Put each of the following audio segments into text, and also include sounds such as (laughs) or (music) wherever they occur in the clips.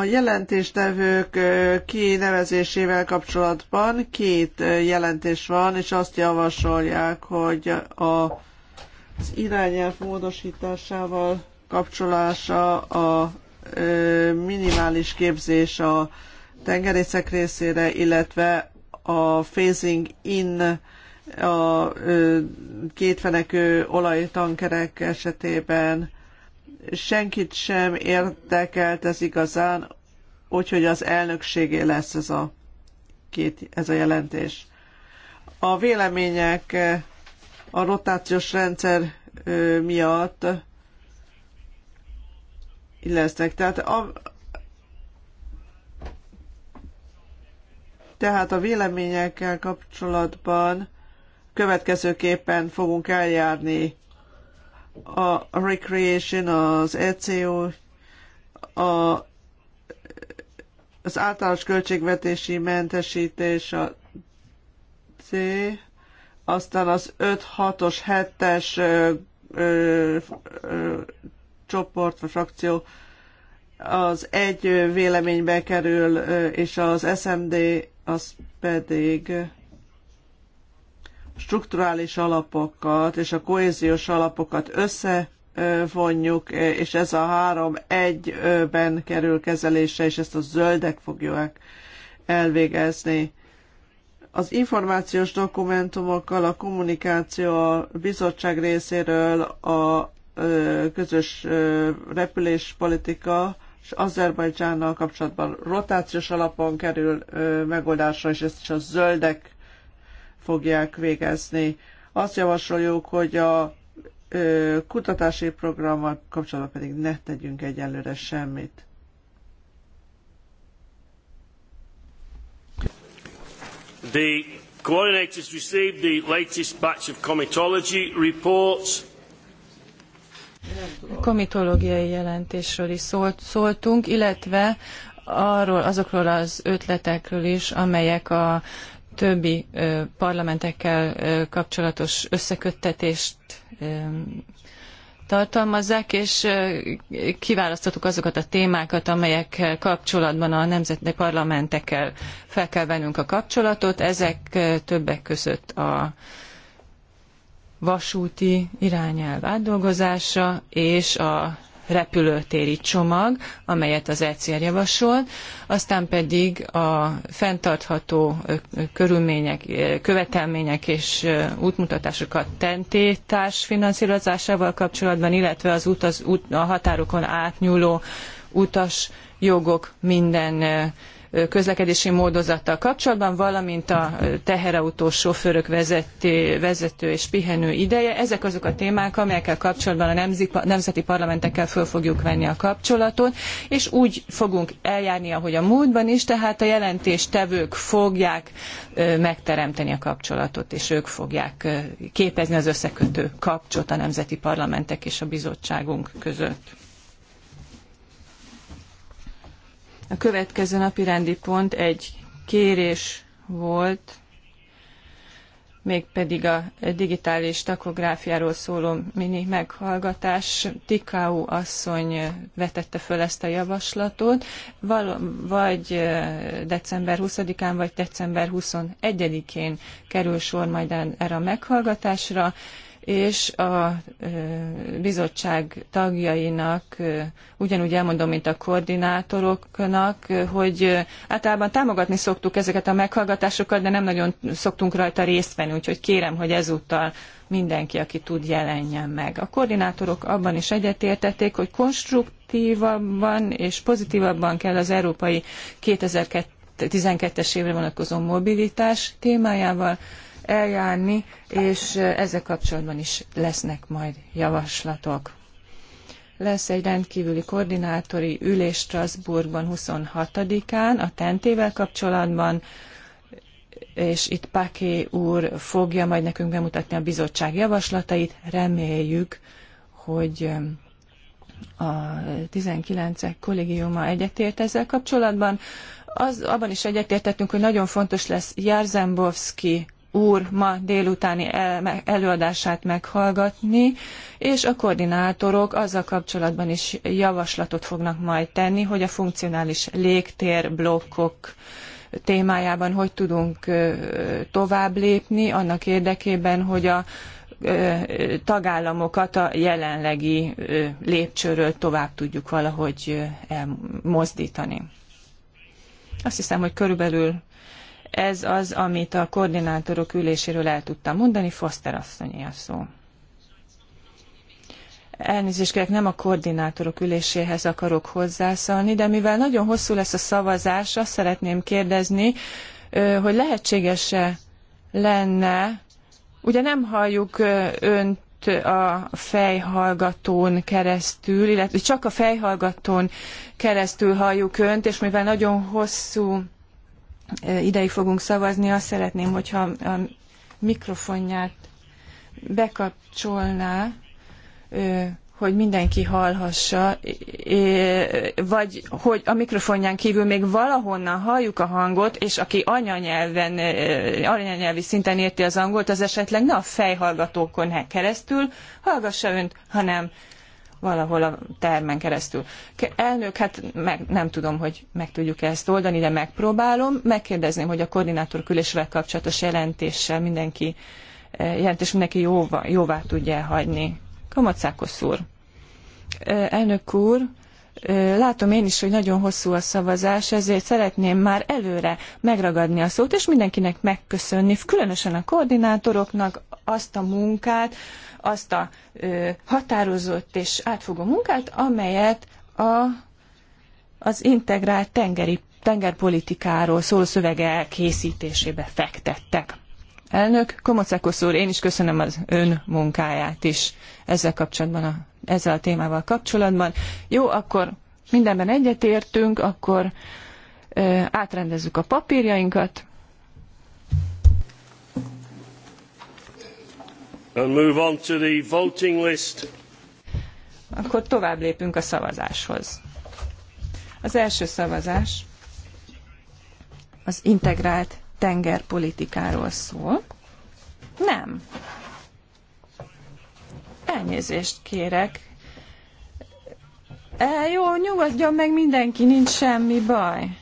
A jelentéstevők kinevezésével kapcsolatban két jelentés van, és azt javasolják, hogy a, az irányelv módosításával kapcsolása a minimális képzés a tengerészek részére, illetve a phasing in a kétfenekű olajtankerek esetében senkit sem érdekelt ez igazán, úgyhogy az elnökségé lesz ez a, két, ez a jelentés. A vélemények a rotációs rendszer miatt illesztek, Tehát a, tehát a véleményekkel kapcsolatban következőképpen fogunk eljárni a Recreation, az ECO, a, az általános költségvetési mentesítés, a C, aztán az 5-6-os, 7-es ö, ö, ö, csoport vagy frakció az egy véleménybe kerül, és az SMD az pedig strukturális alapokat és a kohéziós alapokat összevonjuk, és ez a három egyben kerül kezelése, és ezt a zöldek fogják elvégezni. Az információs dokumentumokkal, a kommunikáció a bizottság részéről, a közös repüléspolitika, és Azerbajdzsánnal kapcsolatban rotációs alapon kerül megoldásra, és ezt is a zöldek fogják végezni. Azt javasoljuk, hogy a kutatási programmal kapcsolatban pedig ne tegyünk egyelőre semmit. The coordinators received the latest batch of comitology reports. Komitológiai jelentésről is szólt, szóltunk, illetve arról, azokról az ötletekről is, amelyek a többi parlamentekkel kapcsolatos összeköttetést tartalmazzák, és kiválasztottuk azokat a témákat, amelyekkel kapcsolatban a nemzeti parlamentekkel fel kell vennünk a kapcsolatot. Ezek többek között a vasúti irányelv átdolgozása és a repülőtéri csomag, amelyet az ECR javasolt, aztán pedig a fenntartható körülmények, követelmények és útmutatásokat tentétás finanszírozásával kapcsolatban, illetve az utaz, út, a határokon átnyúló utas jogok minden közlekedési módozattal kapcsolatban, valamint a teherautós sofőrök vezető, vezető és pihenő ideje. Ezek azok a témák, amelyekkel kapcsolatban a nemzeti parlamentekkel föl fogjuk venni a kapcsolatot, és úgy fogunk eljárni, ahogy a múltban is, tehát a jelentéstevők fogják megteremteni a kapcsolatot, és ők fogják képezni az összekötő kapcsot a nemzeti parlamentek és a bizottságunk között. A következő napi rendi pont egy kérés volt, mégpedig a digitális takográfiáról szóló mini meghallgatás. Tikau asszony vetette föl ezt a javaslatot, vagy december 20-án, vagy december 21-én kerül sor majd erre a meghallgatásra és a bizottság tagjainak, ugyanúgy elmondom, mint a koordinátoroknak, hogy általában támogatni szoktuk ezeket a meghallgatásokat, de nem nagyon szoktunk rajta részt venni, úgyhogy kérem, hogy ezúttal mindenki, aki tud, jelenjen meg. A koordinátorok abban is egyetértették, hogy konstruktívabban és pozitívabban kell az európai 2012-es évre vonatkozó mobilitás témájával eljárni, és ezzel kapcsolatban is lesznek majd javaslatok. Lesz egy rendkívüli koordinátori ülés Strasbourgban 26-án a tentével kapcsolatban, és itt Paké úr fogja majd nekünk bemutatni a bizottság javaslatait. Reméljük, hogy a 19-ek kollégiuma egyetért ezzel kapcsolatban. Az, abban is egyetértettünk, hogy nagyon fontos lesz Jarzembowski úr ma délutáni előadását meghallgatni, és a koordinátorok azzal kapcsolatban is javaslatot fognak majd tenni, hogy a funkcionális légtérblokkok témájában hogy tudunk tovább lépni annak érdekében, hogy a tagállamokat a jelenlegi lépcsőről tovább tudjuk valahogy mozdítani. Azt hiszem, hogy körülbelül ez az, amit a koordinátorok üléséről el tudtam mondani, Foster asszonyi a szó. Elnézést kérek, nem a koordinátorok üléséhez akarok hozzászólni, de mivel nagyon hosszú lesz a szavazás, azt szeretném kérdezni, hogy lehetséges-e lenne, ugye nem halljuk önt a fejhallgatón keresztül, illetve csak a fejhallgatón keresztül halljuk önt, és mivel nagyon hosszú ideig fogunk szavazni, azt szeretném, hogyha a mikrofonját bekapcsolná, hogy mindenki hallhassa, vagy hogy a mikrofonján kívül még valahonnan halljuk a hangot, és aki anyanyelven, anyanyelvi szinten érti az angolt, az esetleg ne a fejhallgatókon keresztül hallgassa önt, hanem valahol a termen keresztül. Elnök, hát meg, nem tudom, hogy meg tudjuk -e ezt oldani, de megpróbálom. Megkérdezném, hogy a koordinátor külésével kapcsolatos jelentéssel mindenki, eh, jelentés mindenki jóvá, jóvá tudja hagyni. Kamacákos úr. Eh, elnök úr, Látom én is, hogy nagyon hosszú a szavazás, ezért szeretném már előre megragadni a szót, és mindenkinek megköszönni, különösen a koordinátoroknak azt a munkát, azt a határozott és átfogó munkát, amelyet a, az integrált tengeri, tengerpolitikáról szóló szövege elkészítésébe fektettek. Elnök, Komocákos úr, én is köszönöm az ön munkáját is ezzel kapcsolatban, a, ezzel a témával kapcsolatban. Jó, akkor mindenben egyetértünk, akkor ö, átrendezzük a papírjainkat. And move on to the voting list. Akkor tovább lépünk a szavazáshoz. Az első szavazás az integrált tengerpolitikáról szól. Nem. Elnézést kérek. E, jó, nyugodjon meg mindenki, nincs semmi baj.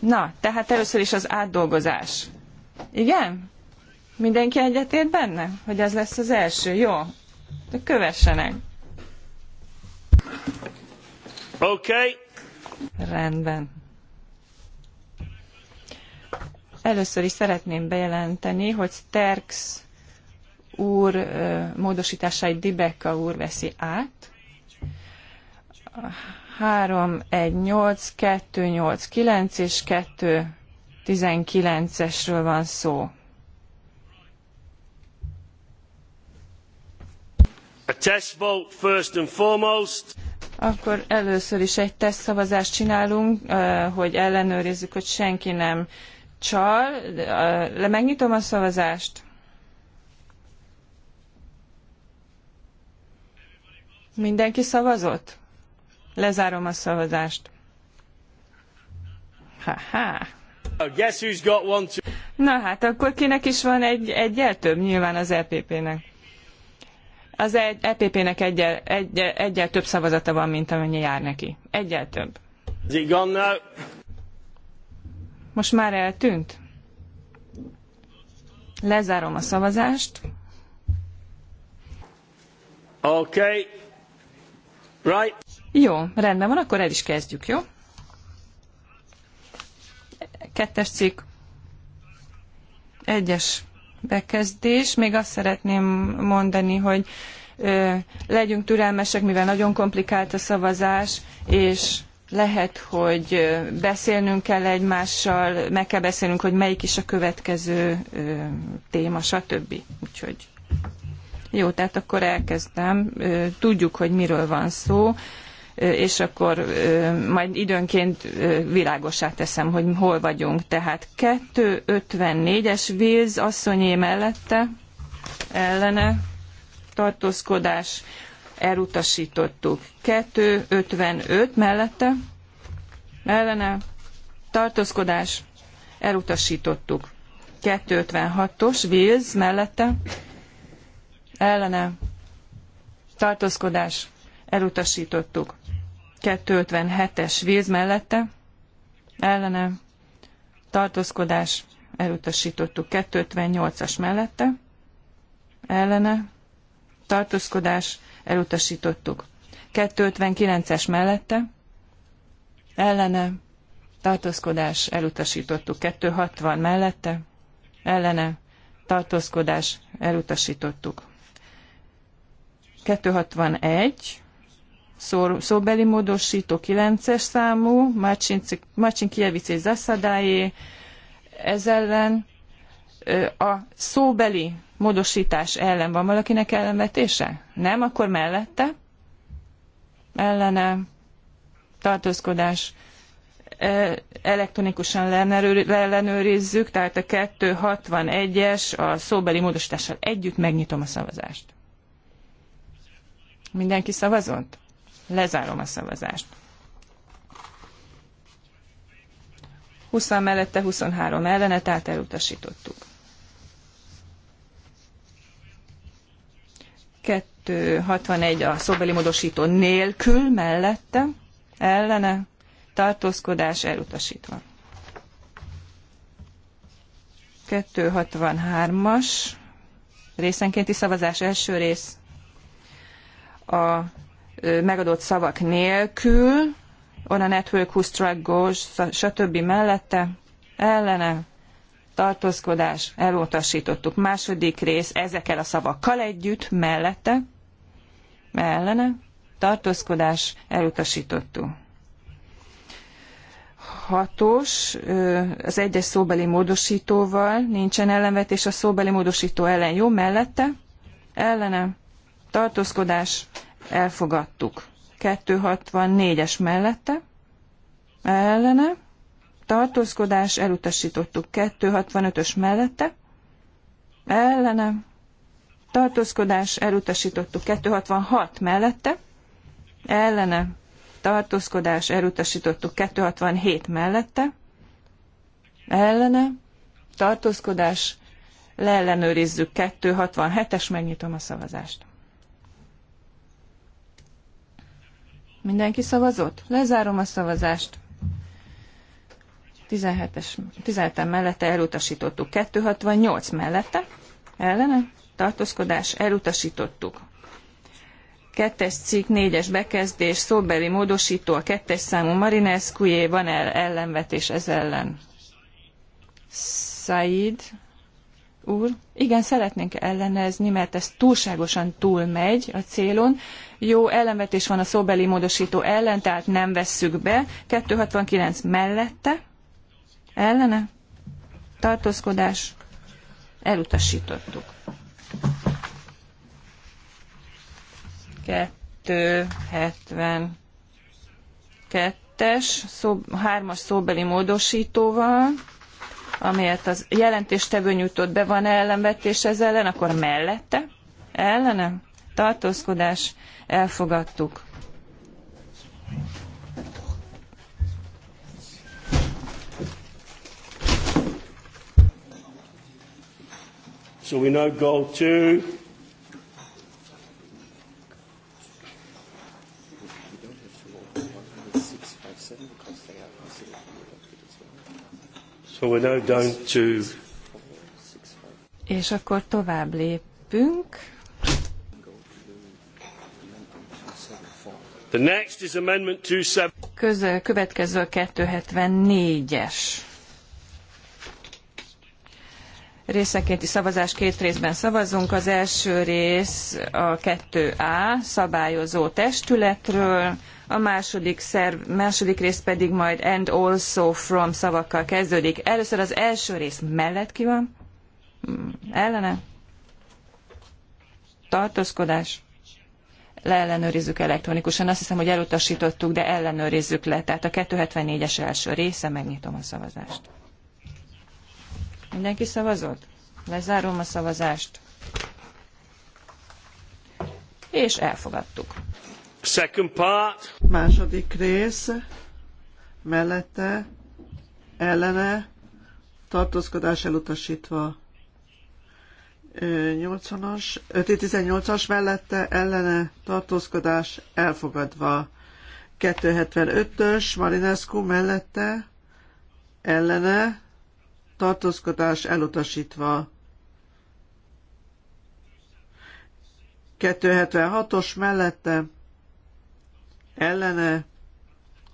Na, tehát először is az átdolgozás. Igen? Mindenki egyetért benne? Hogy ez lesz az első? Jó. De kövessenek. Oké. Okay. Rendben. Először is szeretném bejelenteni, hogy Sterks úr módosításait Dibeka úr veszi át. 3, 1, 8, 2, 8, 9 és 2, 19-esről van szó. A test vote first and foremost. Akkor először is egy tesztszavazást csinálunk, hogy ellenőrizzük, hogy senki nem Csal, megnyitom a szavazást. Mindenki szavazott? Lezárom a szavazást. Ha-ha. Na hát, akkor kinek is van egy, egyel több nyilván az EPP-nek? Az EPP-nek e egyel, egy egyel több szavazata van, mint amennyi jár neki. Egyel több. Is it gone now? Most már eltűnt? Lezárom a szavazást. Okay. Right. Jó, rendben van, akkor el is kezdjük, jó? Kettes cikk. Egyes bekezdés. Még azt szeretném mondani, hogy ö, legyünk türelmesek, mivel nagyon komplikált a szavazás, és lehet, hogy beszélnünk kell egymással, meg kell beszélnünk, hogy melyik is a következő téma, stb. Úgyhogy jó, tehát akkor elkezdem. Tudjuk, hogy miről van szó, és akkor majd időnként világosá teszem, hogy hol vagyunk. Tehát 254-es Wills asszonyé mellette ellene tartózkodás elutasítottuk. 255 mellette ellene tartózkodás elutasítottuk. 256-os Wills mellette ellene tartózkodás elutasítottuk. 257-es Wills mellette ellene tartózkodás elutasítottuk. 258-as mellette ellene tartózkodás elutasítottuk. 259-es mellette, ellene, tartózkodás, elutasítottuk. 260 mellette, ellene, tartózkodás, elutasítottuk. 261, szó, szóbeli módosító 9-es számú, Marcin, Marcin és Zaszadájé, ez ellen a szóbeli módosítás ellen van valakinek ellenvetése? Nem? Akkor mellette? Ellene? Tartózkodás? elektronikusan ellenőrizzük, tehát a 261-es a szóbeli módosítással együtt megnyitom a szavazást. Mindenki szavazott? Lezárom a szavazást. 20 mellette, 23 ellene, tehát elutasítottuk. 6261 a szóbeli módosító nélkül mellette, ellene, tartózkodás elutasítva. 263-as részenkénti szavazás első rész a megadott szavak nélkül, on a network who struck goals, stb. mellette, ellene, tartózkodás, elutasítottuk. Második rész ezekkel a szavakkal együtt, mellette, ellene, tartózkodás, elutasítottuk. Hatos, az egyes szóbeli módosítóval, nincsen ellenvetés a szóbeli módosító ellen jó, mellette, ellene, tartózkodás, elfogadtuk. 264-es mellette, ellene, tartózkodás, elutasítottuk 265-ös mellette, ellene, tartózkodás, elutasítottuk 266 mellette, ellene, tartózkodás, elutasítottuk 267 mellette, ellene, tartózkodás, leellenőrizzük 267-es, megnyitom a szavazást. Mindenki szavazott? Lezárom a szavazást. 17-es, 17 mellette elutasítottuk. 268 mellette ellene tartózkodás elutasítottuk. Kettes cikk, négyes bekezdés, szóbeli módosító, a kettes számú Marineszkujé, van el ellenvetés ez ellen. Said úr, igen, szeretnénk ellenezni, mert ez túlságosan túlmegy a célon. Jó, ellenvetés van a szóbeli módosító ellen, tehát nem vesszük be. 269 mellette, ellene tartózkodás elutasítottuk. Kettő, hetven, kettes, szó, hármas szóbeli módosítóval, amelyet az jelentéstevő nyújtott be, van ellenvetés ez ellen, akkor mellette, ellene, tartózkodás, elfogadtuk. So we now go to So we're now down to És akkor tovább lépünk. The next is amendment 27. Közö, következő a 274-es. Részenkénti szavazás két részben szavazunk. Az első rész a 2A szabályozó testületről, a második, szerv, második rész pedig majd and also from szavakkal kezdődik. Először az első rész mellett ki van? Ellene? Tartózkodás? leellenőrizzük elektronikusan. Azt hiszem, hogy elutasítottuk, de ellenőrizzük le. Tehát a 274-es első része, megnyitom a szavazást. Mindenki szavazott? Lezárom a szavazást. És elfogadtuk. Second part. Második rész. Mellette, ellene, tartózkodás elutasítva. 80-as, 518-as mellette, ellene, tartózkodás elfogadva. 275-ös Marinescu mellette, ellene, tartózkodás elutasítva. 276-os mellette ellene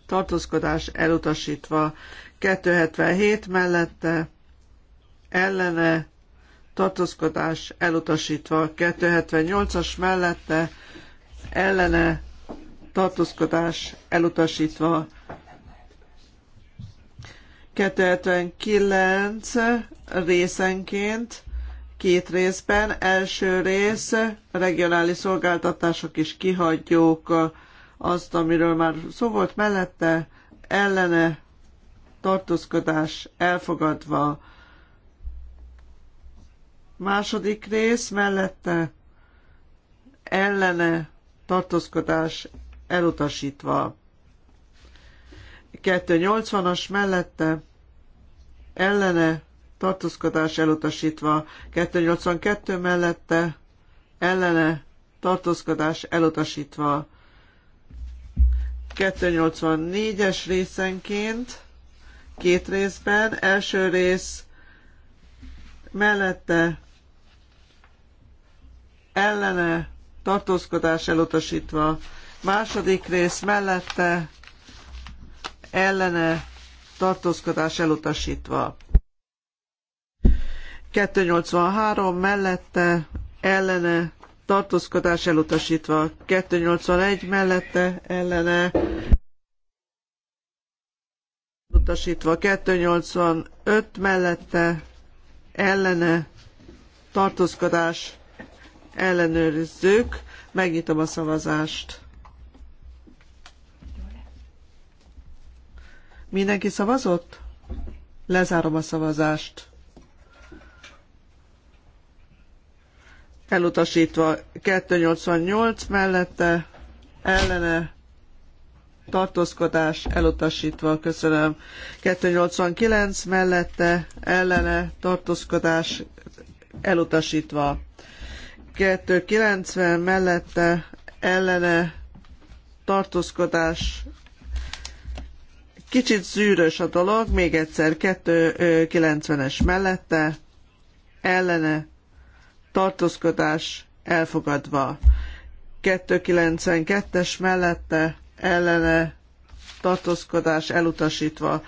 tartózkodás elutasítva. 277 mellette ellene tartózkodás elutasítva. 278-as mellette ellene tartózkodás elutasítva. 279 részenként, két részben. Első rész, regionális szolgáltatások is kihagyjuk azt, amiről már szó volt mellette, ellene tartózkodás elfogadva. Második rész mellette ellene tartózkodás elutasítva. 280-as mellette ellene tartózkodás elutasítva, 282 mellette ellene tartózkodás elutasítva, 284-es részenként két részben, első rész mellette ellene tartózkodás elutasítva, második rész mellette ellene tartózkodás elutasítva. 283 mellette ellene tartózkodás elutasítva. 281 mellette ellene elutasítva. 285 mellette ellene tartózkodás ellenőrizzük. Megnyitom a szavazást. Mindenki szavazott? Lezárom a szavazást. Elutasítva 288 mellette, ellene, tartózkodás, elutasítva, köszönöm. 289 mellette, ellene, tartózkodás, elutasítva. 290 mellette, ellene, tartózkodás, Kicsit zűrös a dolog, még egyszer 290-es mellette, ellene, tartózkodás elfogadva. 292-es mellette, ellene, tartózkodás elutasítva.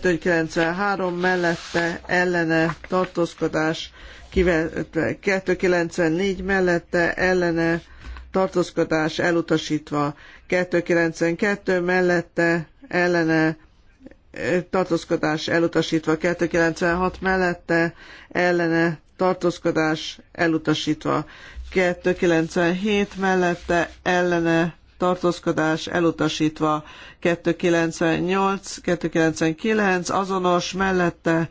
293 mellette, ellene, tartózkodás kivetve. 294 mellette, ellene, tartózkodás elutasítva, 292 mellette ellene tartózkodás elutasítva 296 mellette, ellene tartózkodás elutasítva 297 mellette, ellene tartózkodás elutasítva 298, 299 azonos mellette,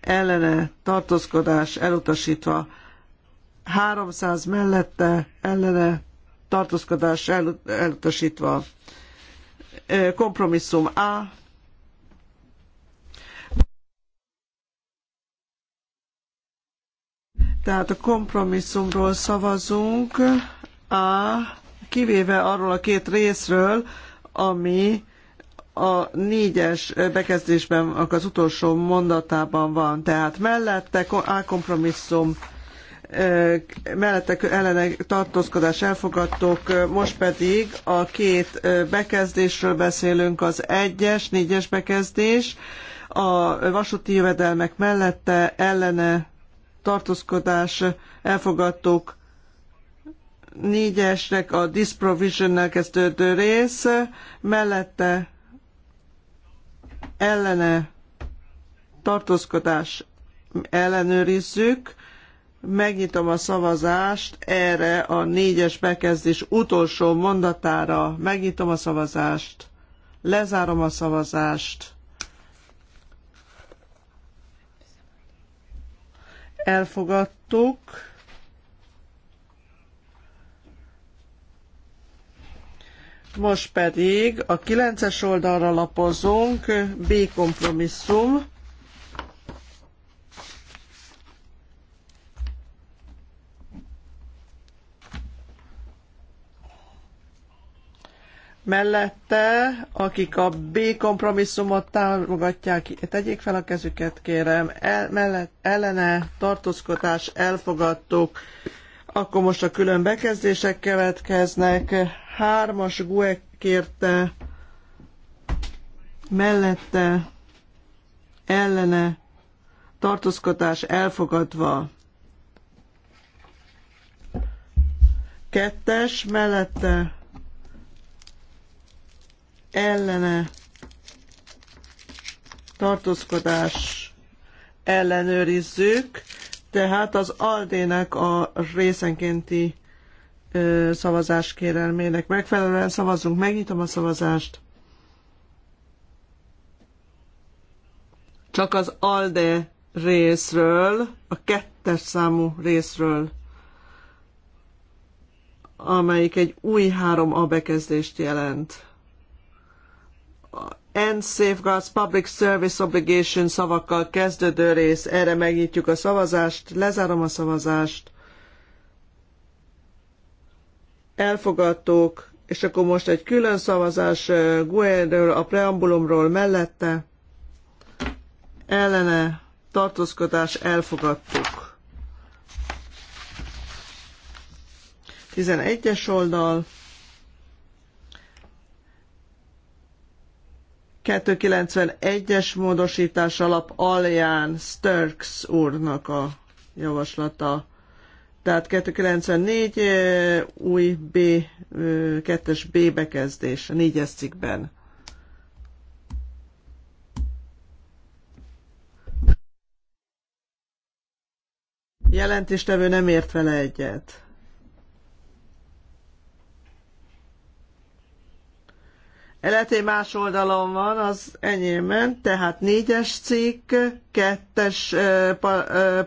ellene tartózkodás elutasítva 300 mellette, ellene tartózkodás elutasítva kompromisszum A Tehát a kompromisszumról szavazunk, a, kivéve arról a két részről, ami a négyes bekezdésben, az utolsó mondatában van. Tehát mellette A kompromisszum mellette ellene tartózkodás elfogadtuk, most pedig a két bekezdésről beszélünk, az egyes, négyes bekezdés, a vasúti jövedelmek mellette ellene tartózkodás elfogadtuk. Négyesnek a disprovision kezdődő rész, mellette ellene tartózkodás ellenőrizzük. Megnyitom a szavazást erre a négyes bekezdés utolsó mondatára. Megnyitom a szavazást. Lezárom a szavazást. elfogadtuk. Most pedig a 9-es oldalra lapozunk, B kompromisszum. mellette, akik a B kompromisszumot támogatják, tegyék fel a kezüket, kérem, El, mellett, ellene tartózkodás elfogadtuk, akkor most a külön bekezdések következnek. Hármas GUE kérte, mellette, ellene tartózkodás elfogadva. Kettes mellette ellene tartózkodás ellenőrizzük, tehát az Aldének a részenkénti ö, szavazás kérelmének megfelelően szavazunk. Megnyitom a szavazást. Csak az Alde részről, a kettes számú részről, amelyik egy új három A bekezdést jelent and safeguards public service obligation szavakkal kezdődő rész. Erre megnyitjuk a szavazást, lezárom a szavazást. Elfogadtuk, és akkor most egy külön szavazás Guerről, a preambulumról mellette. Ellene tartózkodás elfogadtuk. 11-es oldal. 291-es módosítás alap alján Sturks úrnak a javaslata. Tehát 294 új B, 2-es B bekezdés a 4-es cikkben. Jelentéstevő nem ért vele egyet. Eleté más oldalon van, az enyémben, tehát négyes cikk, kettes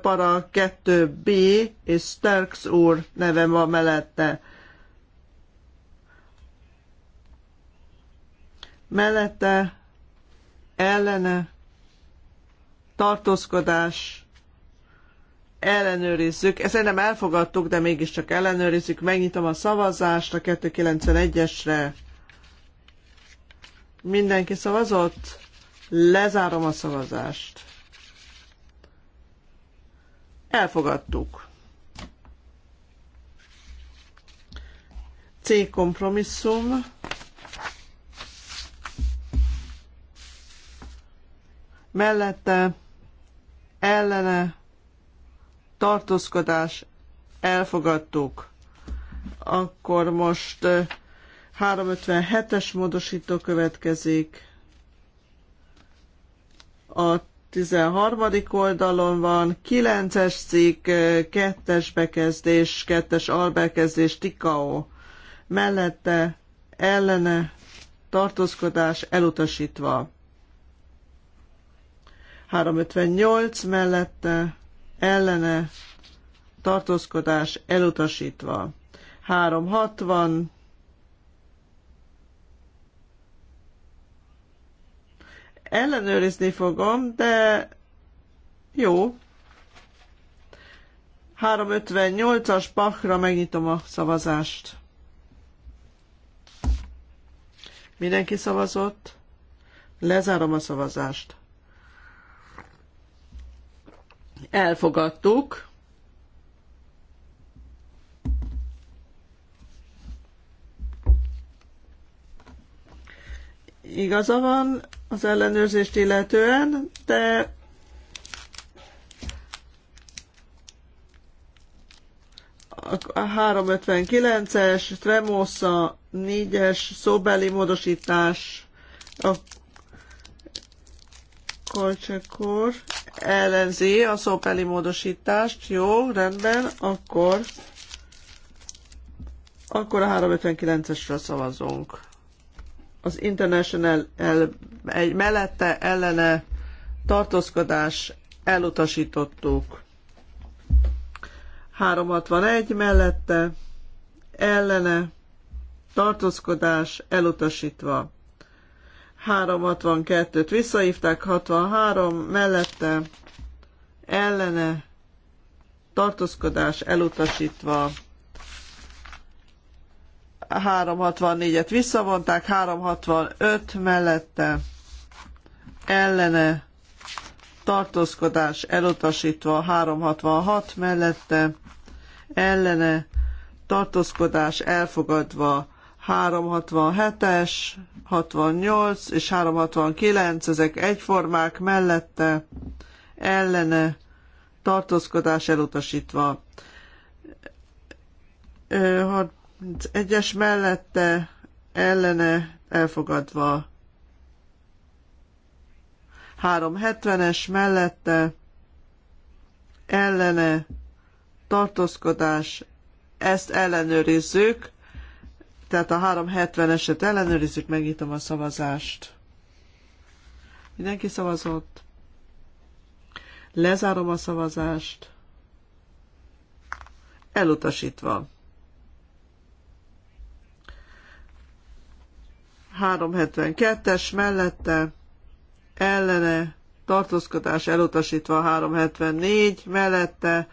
para 2b, és Starks úr neve van mellette. Mellette ellene tartózkodás ellenőrizzük. Ezt nem elfogadtuk, de mégiscsak ellenőrizzük. Megnyitom a szavazást a 291-esre. Mindenki szavazott? Lezárom a szavazást. Elfogadtuk. C kompromisszum. Mellette ellene tartózkodás elfogadtuk. Akkor most eh, 357-es módosító következik. A 13. oldalon van 9-es cikk, 2-es bekezdés, 2-es albekezdés, tikao. Mellette ellene tartózkodás elutasítva. 358 mellette ellene tartózkodás elutasítva. 360 Ellenőrizni fogom, de jó. 358-as pakra megnyitom a szavazást. Mindenki szavazott? Lezárom a szavazást. Elfogadtuk. igaza van az ellenőrzést illetően, de a 359-es, Tremosa 4-es szóbeli módosítás a Kolcsekor ellenzi a szóbeli módosítást. Jó, rendben, akkor akkor a 359-esről szavazunk az International el, egy mellette ellene tartózkodás elutasítottuk. 361 mellette ellene tartózkodás elutasítva. 362-t visszahívták, 63 mellette ellene tartózkodás elutasítva. 364-et visszavonták, 365 mellette ellene tartózkodás elutasítva, 366 mellette ellene tartózkodás elfogadva, 367-es, 68 és 369, ezek egyformák mellette ellene tartózkodás elutasítva. 6 egyes mellette ellene elfogadva. 370-es mellette ellene tartózkodás, ezt ellenőrizzük, tehát a 370-eset ellenőrizzük, megnyitom a szavazást. Mindenki szavazott. Lezárom a szavazást. Elutasítva. 372-es mellette ellene tartózkodás elutasítva 374 mellette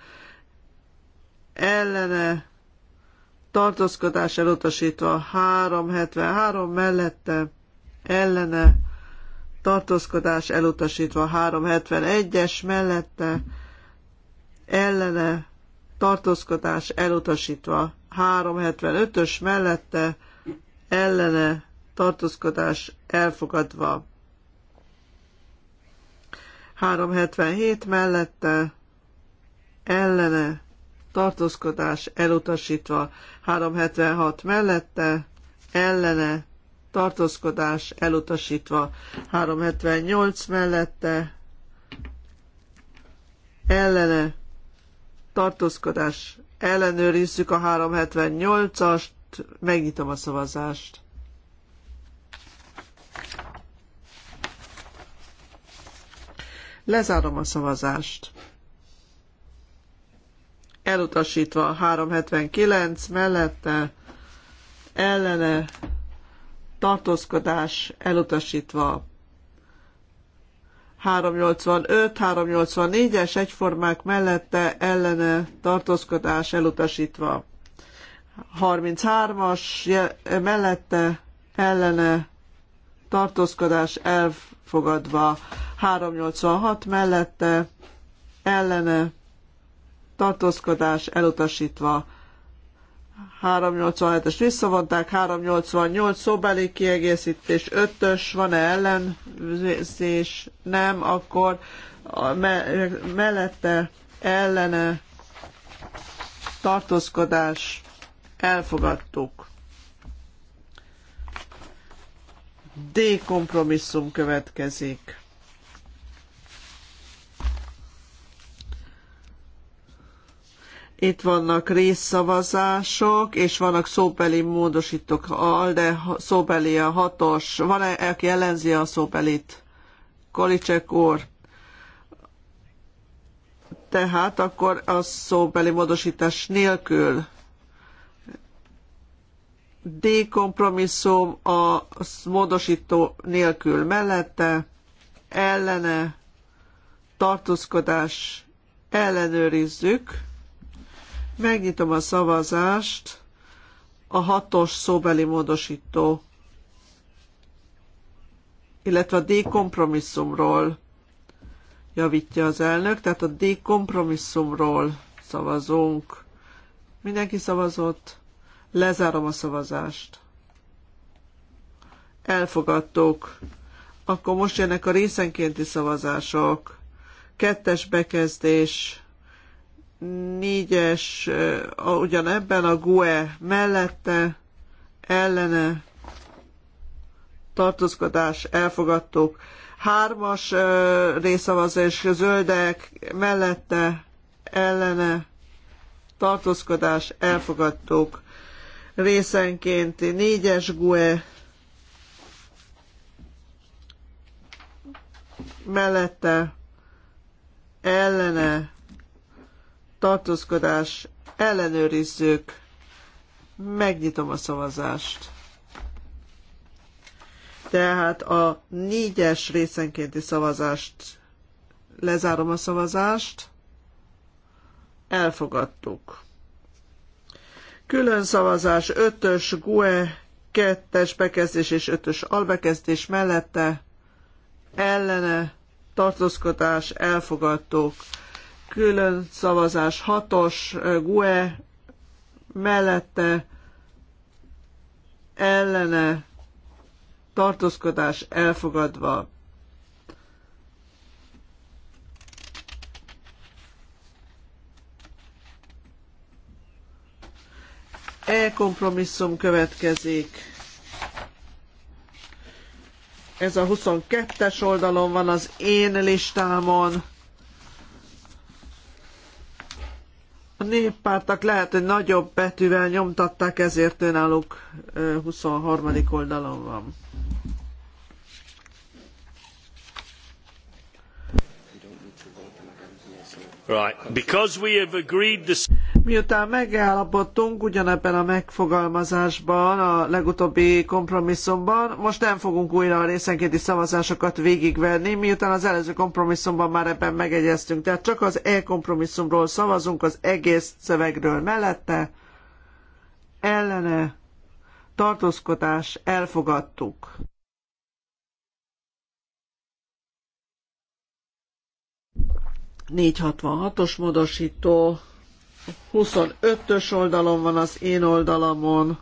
ellene tartózkodás elutasítva 373 mellette ellene tartózkodás elutasítva 371-es mellette ellene tartózkodás elutasítva 375-ös mellette ellene tartózkodás elfogadva. 377 mellette ellene tartózkodás elutasítva, 376 mellette ellene tartózkodás elutasítva, 378 mellette ellene tartózkodás ellenőrizzük a 378-ast, megnyitom a szavazást. Lezárom a szavazást. Elutasítva 379 mellette ellene tartózkodás elutasítva 385, 384-es egyformák mellette ellene tartózkodás elutasítva. 33-as mellette ellene tartózkodás elfogadva 386 mellette, ellene tartózkodás elutasítva 387-es visszavonták, 388 szóbeli kiegészítés, 5-ös, van-e ellenzés, nem, akkor a me mellette ellene tartózkodás elfogadtuk. D kompromisszum következik. Itt vannak részszavazások, és vannak szóbeli módosítók. de szóbeli a hatos. Van-e, aki ellenzi a szóbelit? Kolicek úr. Tehát akkor a szóbeli módosítás nélkül D kompromisszum a módosító nélkül mellette, ellene, tartózkodás, ellenőrizzük. Megnyitom a szavazást, a hatos szóbeli módosító, illetve a D kompromisszumról javítja az elnök, tehát a D kompromisszumról szavazunk. Mindenki szavazott? Lezárom a szavazást. Elfogadtok. Akkor most jönnek a részenkénti szavazások. Kettes bekezdés, négyes, ugyanebben a GUE mellette, ellene, tartózkodás, elfogadtuk. Hármas részszavazás, zöldek, mellette, ellene, tartózkodás, elfogadtuk részenként négyes GUE mellette ellene tartózkodás ellenőrizzük. Megnyitom a szavazást. Tehát a négyes részenkénti szavazást lezárom a szavazást. Elfogadtuk. Külön szavazás 5-ös GUE 2-es bekezdés és 5-ös albekezdés mellette ellene tartózkodás elfogadtuk. Külön szavazás 6-os GUE mellette ellene tartózkodás elfogadva. E kompromisszum következik. Ez a 22-es oldalon van az én listámon. A néppártak lehet, hogy nagyobb betűvel nyomtatták, ezért náluk 23. oldalon van. Right. Because we have agreed this... Miután megállapodtunk ugyanebben a megfogalmazásban, a legutóbbi kompromisszumban, most nem fogunk újra a részenkénti szavazásokat végigvenni, miután az előző kompromisszumban már ebben megegyeztünk. Tehát csak az e-kompromisszumról szavazunk, az egész szövegről mellette, ellene, tartózkodás, elfogadtuk. os módosító 25-ös oldalon van az én oldalamon.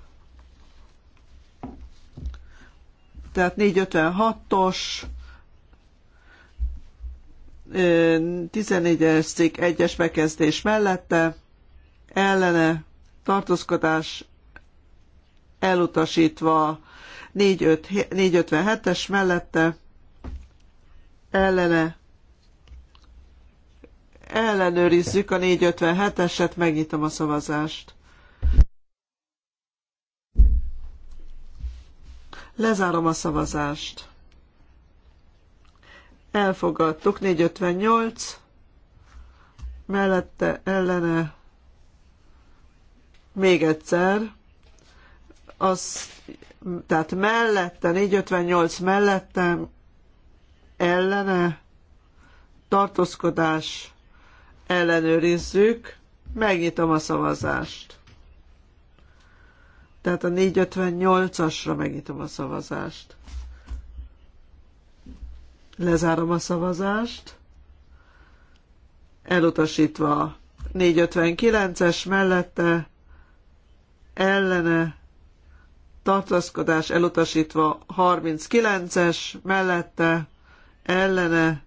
Tehát 456-os, 14-es cikk 1-es bekezdés mellette, ellene, tartózkodás elutasítva 457-es mellette, ellene, ellenőrizzük a 457-eset, megnyitom a szavazást. Lezárom a szavazást. Elfogadtuk, 458, mellette ellene még egyszer, az, tehát mellette, 458 Mellettem ellene, tartózkodás, ellenőrizzük, megnyitom a szavazást. Tehát a 458-asra megnyitom a szavazást. Lezárom a szavazást. Elutasítva 459-es mellette ellene tartaszkodás elutasítva 39-es mellette ellene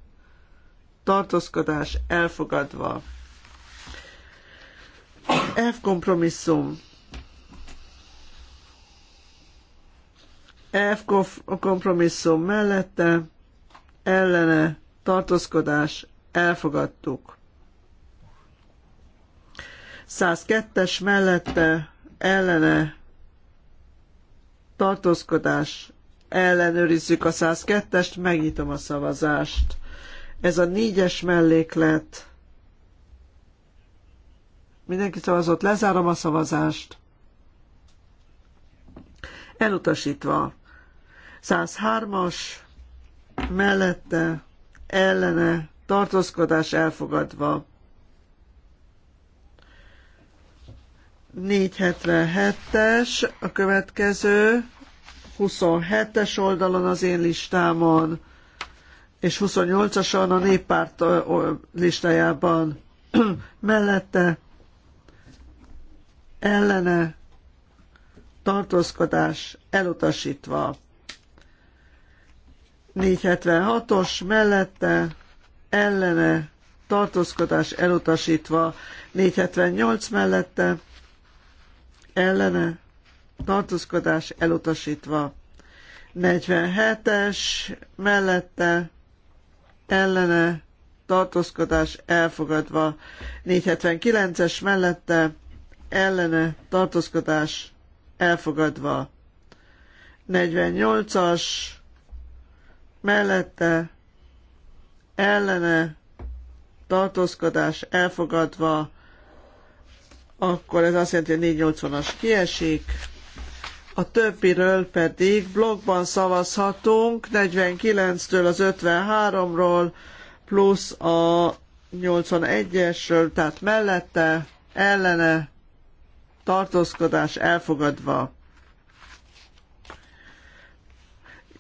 tartózkodás elfogadva. F kompromisszum. F kompromisszum mellette ellene tartózkodás elfogadtuk. 102-es mellette ellene tartózkodás ellenőrizzük a 102-est, megnyitom a szavazást. Ez a négyes melléklet. Mindenki szavazott, lezárom a szavazást. Elutasítva. 103-as mellette, ellene, tartózkodás elfogadva. 477-es a következő, 27-es oldalon az én listámon, és 28-asan a néppárt listájában (clears throat) mellette ellene tartózkodás elutasítva. 476-os mellette ellene tartózkodás elutasítva, 478 mellette ellene tartózkodás elutasítva, 47-es mellette ellene tartózkodás elfogadva. 479-es mellette ellene tartózkodás elfogadva. 48-as mellette ellene tartózkodás elfogadva, akkor ez azt jelenti, hogy 480-as kiesik a többiről pedig blogban szavazhatunk 49-től az 53-ról, plusz a 81-esről, tehát mellette, ellene, tartózkodás elfogadva.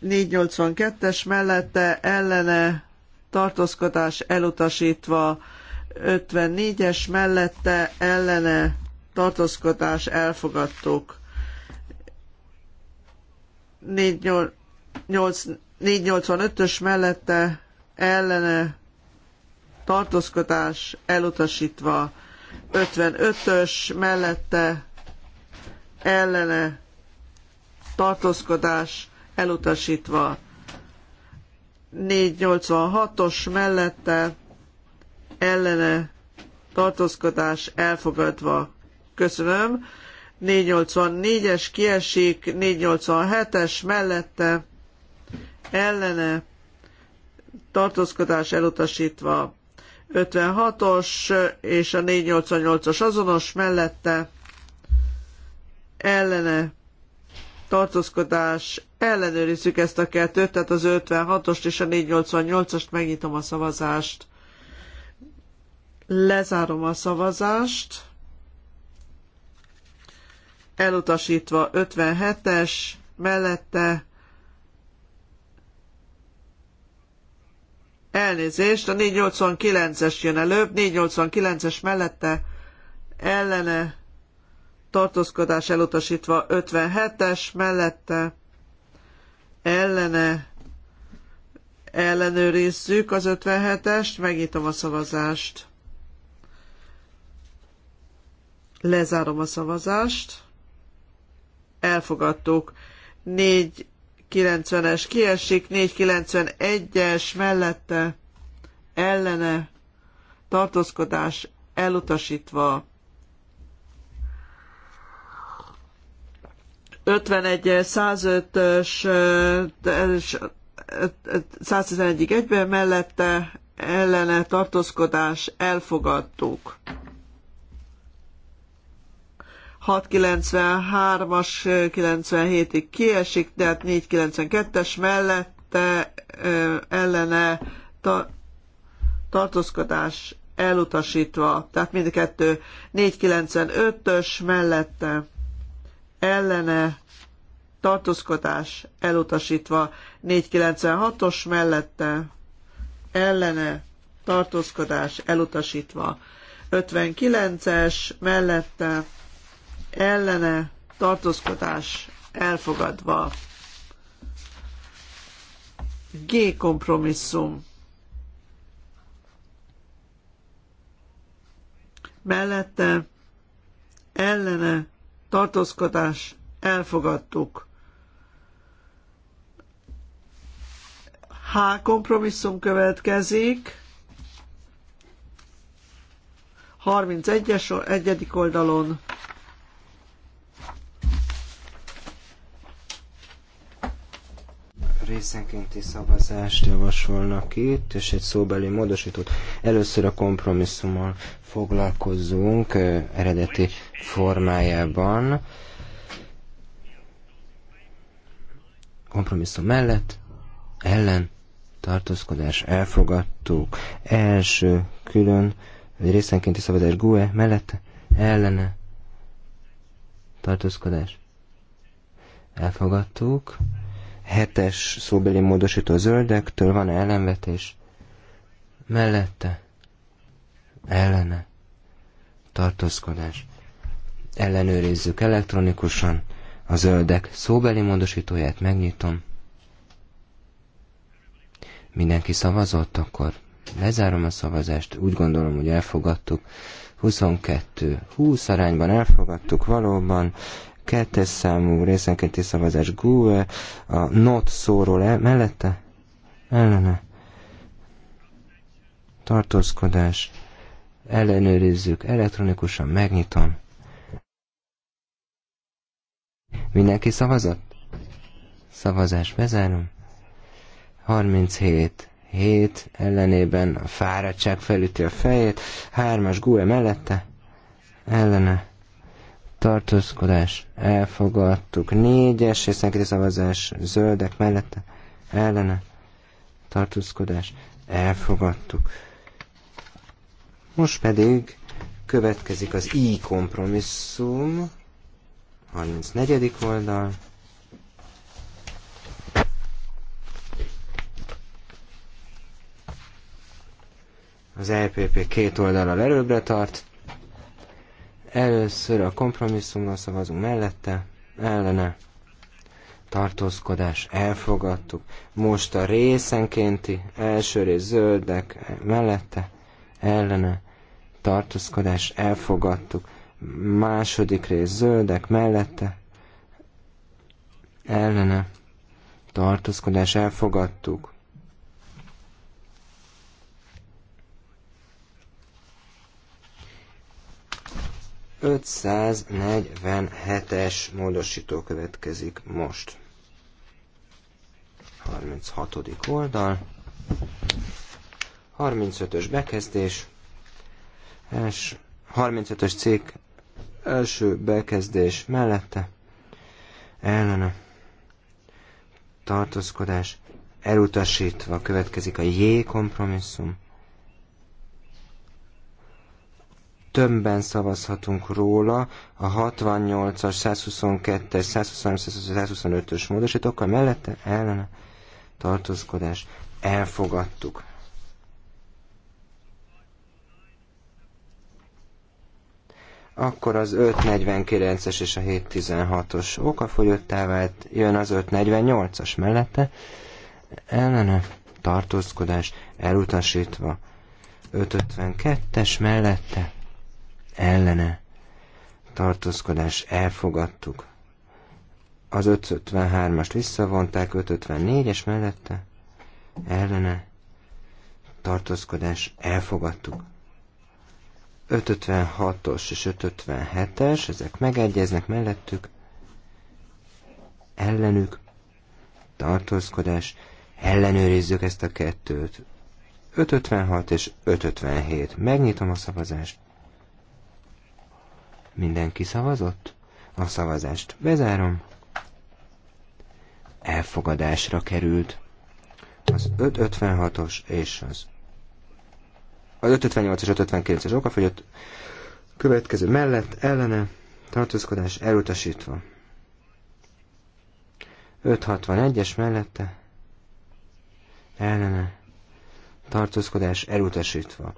482-es mellette, ellene, tartózkodás elutasítva, 54-es mellette, ellene, tartózkodás elfogadtuk. 485-ös mellette ellene tartózkodás elutasítva, 55-ös mellette ellene tartózkodás elutasítva, 486-os mellette ellene tartózkodás elfogadva. Köszönöm. 484-es kiesik, 487-es mellette, ellene, tartózkodás elutasítva. 56-os és a 488-as azonos mellette, ellene, tartózkodás, ellenőrizzük ezt a kettőt, tehát az 56-ost és a 488-ast, megnyitom a szavazást. Lezárom a szavazást elutasítva 57-es, mellette elnézést, a 489-es jön előbb, 489-es mellette ellene tartózkodás elutasítva 57-es, mellette ellene ellenőrizzük az 57-est, megnyitom a szavazást. Lezárom a szavazást elfogadtuk. 490-es kiesik, 491-es mellette ellene tartózkodás elutasítva. 51-es, 105-ös, 111-ig egyben mellette ellene tartózkodás elfogadtuk. 693-as 97-ig kiesik, tehát 492-es mellette ö, ellene ta, tartózkodás elutasítva, tehát mind a kettő 495-ös mellette ellene tartózkodás elutasítva, 496-os mellette ellene tartózkodás elutasítva, 59-es mellette ellene tartózkodás elfogadva. G kompromisszum. Mellette ellene tartózkodás elfogadtuk. H kompromisszum következik. 31-es egyedik oldalon részenkénti szavazást javasolnak itt, és egy szóbeli módosítót. Először a kompromisszummal foglalkozzunk eredeti formájában. Kompromisszum mellett, ellen, tartózkodás, elfogadtuk. Első külön részenkénti szavazás GUE mellette, ellene, tartózkodás. Elfogadtuk hetes szóbeli módosító zöldektől, van-e ellenvetés? Mellette, ellene, tartózkodás. Ellenőrizzük elektronikusan a zöldek szóbeli módosítóját, megnyitom. Mindenki szavazott, akkor lezárom a szavazást, úgy gondolom, hogy elfogadtuk. 22-20 arányban elfogadtuk valóban, Kettes számú részenkénti szavazás GUE, a NOT szóról el, mellette, ellene, tartózkodás, ellenőrizzük, elektronikusan megnyitom. Mindenki szavazott? Szavazás bezárom. 37 hét ellenében a fáradtság felüti a fejét, hármas gúja mellette, ellene tartózkodás, elfogadtuk. Négyes, és szavazás, zöldek mellette, ellene, tartózkodás, elfogadtuk. Most pedig következik az i kompromisszum, 34. oldal. Az LPP e két oldalal előbbre tart, Először a kompromisszumra szavazunk mellette, ellene tartózkodás, elfogadtuk. Most a részenkénti első rész zöldek mellette, ellene tartózkodás, elfogadtuk. Második rész zöldek mellette, ellene tartózkodás, elfogadtuk. 547-es módosító következik most. 36. oldal. 35-ös bekezdés. És 35-ös cikk első bekezdés mellette. Ellene. Tartózkodás. Elutasítva következik a J kompromisszum tömbben szavazhatunk róla a 68-as, 122-es, 123 125-ös módosítókkal mellette ellene tartózkodás elfogadtuk. Akkor az 549-es és a 716-os okafogyottá vált, jön az 548-as mellette, ellene tartózkodás elutasítva. 552-es mellette ellene tartózkodás elfogadtuk. Az 553-ast visszavonták, 554-es mellette ellene tartózkodás elfogadtuk. 556-os és 557-es, ezek megegyeznek mellettük, ellenük tartózkodás, ellenőrizzük ezt a kettőt. 556 és 557. Megnyitom a szavazást. Mindenki szavazott? A szavazást bezárom. Elfogadásra került az 556-os és az az 558 és 559-es okafogyott következő mellett ellene tartózkodás elutasítva. 561-es mellette ellene tartózkodás elutasítva.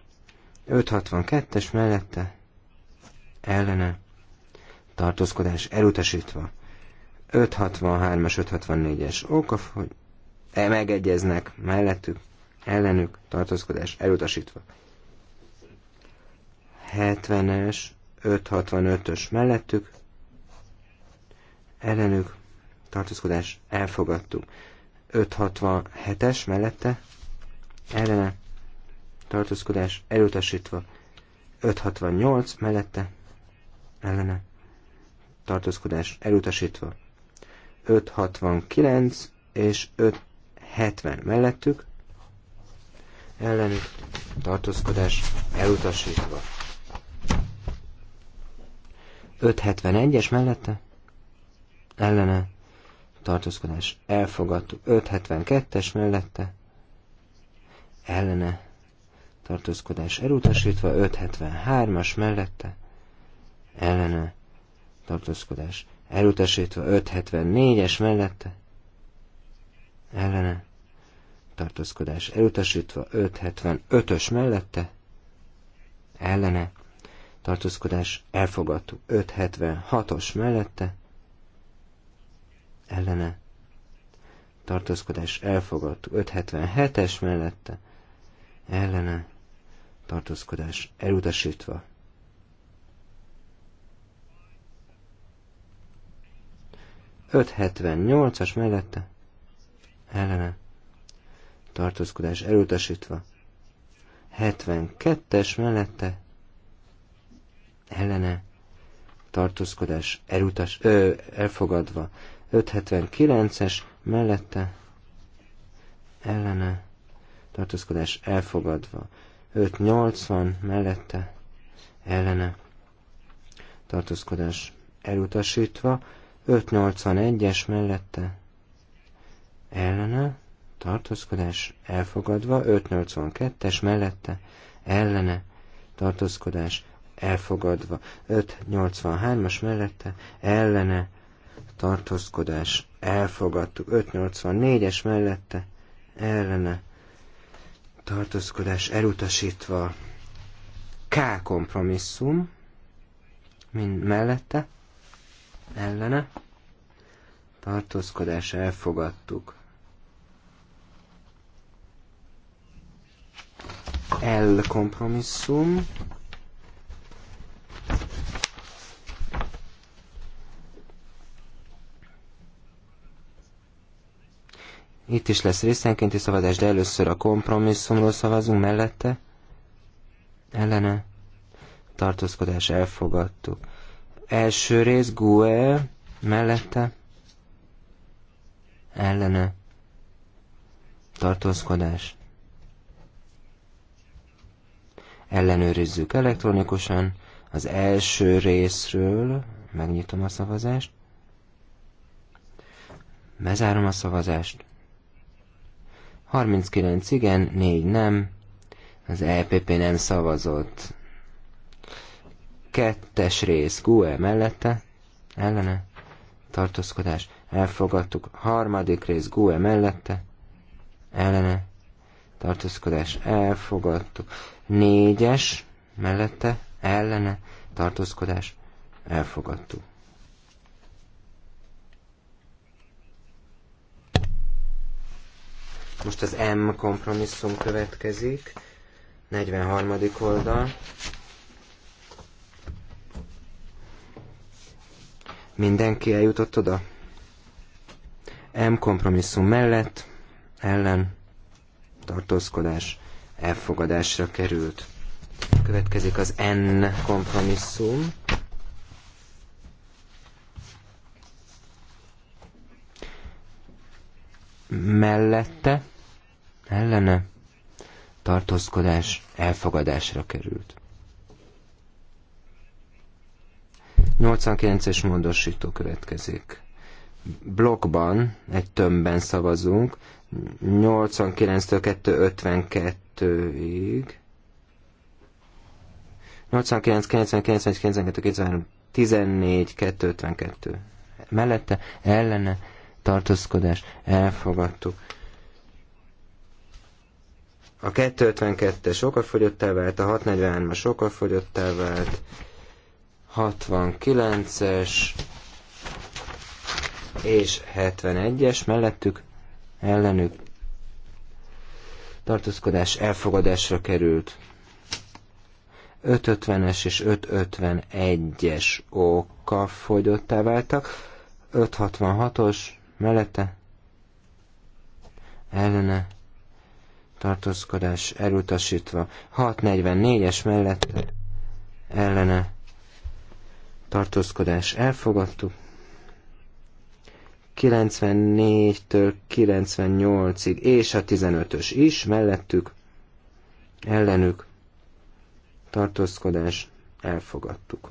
562-es mellette ellene tartózkodás elutasítva. 563-as, 564-es okaf, hogy megegyeznek mellettük, ellenük tartózkodás elutasítva. 70-es, 565-ös mellettük, ellenük tartózkodás elfogadtuk. 567-es mellette, ellene tartózkodás elutasítva. 568 mellette, ellene tartózkodás elutasítva. 569 és 570 mellettük ellenük tartózkodás elutasítva. 571-es mellette ellene tartózkodás elfogadtuk. 572-es mellette ellene tartózkodás elutasítva, 573-as mellette ellene tartózkodás elutasítva 574-es mellette ellene tartózkodás elutasítva 575-ös mellette ellene tartózkodás elfogadtuk 576-os mellette ellene tartózkodás elfogadtuk 577-es mellette ellene tartózkodás elutasítva 578-as mellette ellene tartózkodás elutasítva. 72-es mellette ellene tartózkodás elutas, ö, elfogadva. 579-es mellette ellene tartózkodás elfogadva. 580 mellette ellene tartózkodás elutasítva. 581-es mellette ellene, tartózkodás elfogadva, 582-es mellette ellene, tartózkodás elfogadva, 583-as mellette ellene, tartózkodás elfogadtuk, 584-es mellette ellene, tartózkodás elutasítva, K kompromisszum, mint mellette, ellene, tartózkodás elfogadtuk. L kompromisszum, Itt is lesz részenkénti szavazás, de először a kompromisszumról szavazunk mellette. Ellene. Tartózkodás elfogadtuk. Első rész GUE mellette ellene tartózkodás. Ellenőrizzük elektronikusan az első részről, megnyitom a szavazást, bezárom a szavazást, 39 igen, 4 nem, az EPP nem szavazott. Kettes rész GUE mellette, ellene, tartózkodás, elfogadtuk. Harmadik rész GUE mellette, ellene, tartózkodás, elfogadtuk. Négyes mellette, ellene, tartózkodás, elfogadtuk. Most az M kompromisszum következik, 43. oldal. Mindenki eljutott oda? M kompromisszum mellett, ellen, tartózkodás, elfogadásra került. Következik az N kompromisszum. Mellette, ellene, tartózkodás, elfogadásra került. 89-es módosító következik. Blokkban, egy tömbben szavazunk, 89-től 252-ig. 89, 90, 91, 92, 93, 14, 252. Mellette ellene tartózkodás elfogadtuk. A 252-es okafogyottá vált, a 643-as okafogyottá vált, 69-es és 71-es mellettük ellenük tartózkodás elfogadásra került. 550-es és 551-es oka fogyottá váltak. 566-os mellette ellene tartózkodás elutasítva. 644-es mellette ellene tartózkodás elfogadtuk. 94-től 98-ig, és a 15-ös is mellettük, ellenük tartózkodás elfogadtuk.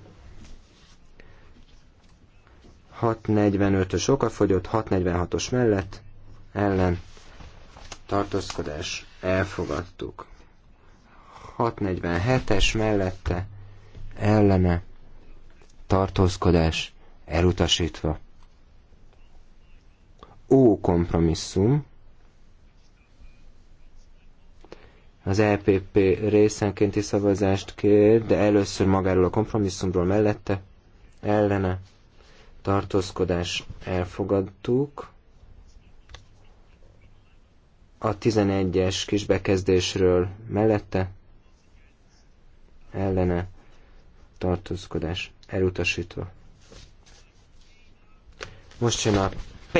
645-ös okafogyott, 646-os mellett, ellen tartózkodás elfogadtuk. 647-es mellette, ellene tartózkodás elutasítva. Ó kompromisszum. Az EPP részenkénti szavazást kér, de először magáról a kompromisszumról mellette, ellene, tartózkodás elfogadtuk. A 11-es kisbekezdésről mellette, ellene, tartózkodás elutasítva. Most jön a P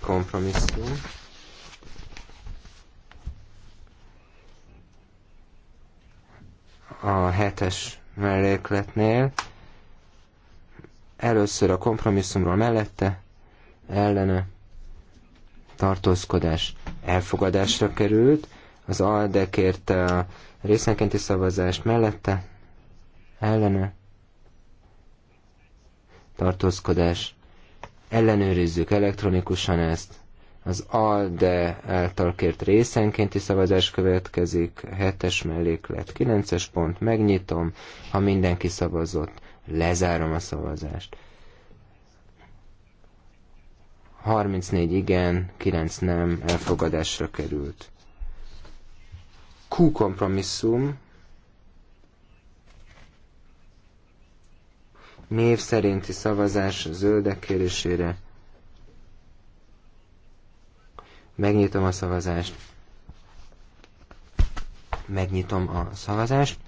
kompromisszum. A hetes mellékletnél. Először a kompromisszumról mellette, ellene tartózkodás elfogadásra került. Az ALDE kérte a részenkénti szavazást mellette, ellene tartózkodás, ellenőrizzük elektronikusan ezt, az ALDE által kért részenkénti szavazás következik, 7-es melléklet, 9-es pont, megnyitom, ha mindenki szavazott, lezárom a szavazást. 34 igen, 9 nem, elfogadásra került. Q kompromisszum, Név szerinti szavazás zöldek kérésére. Megnyitom a szavazást. Megnyitom a szavazást.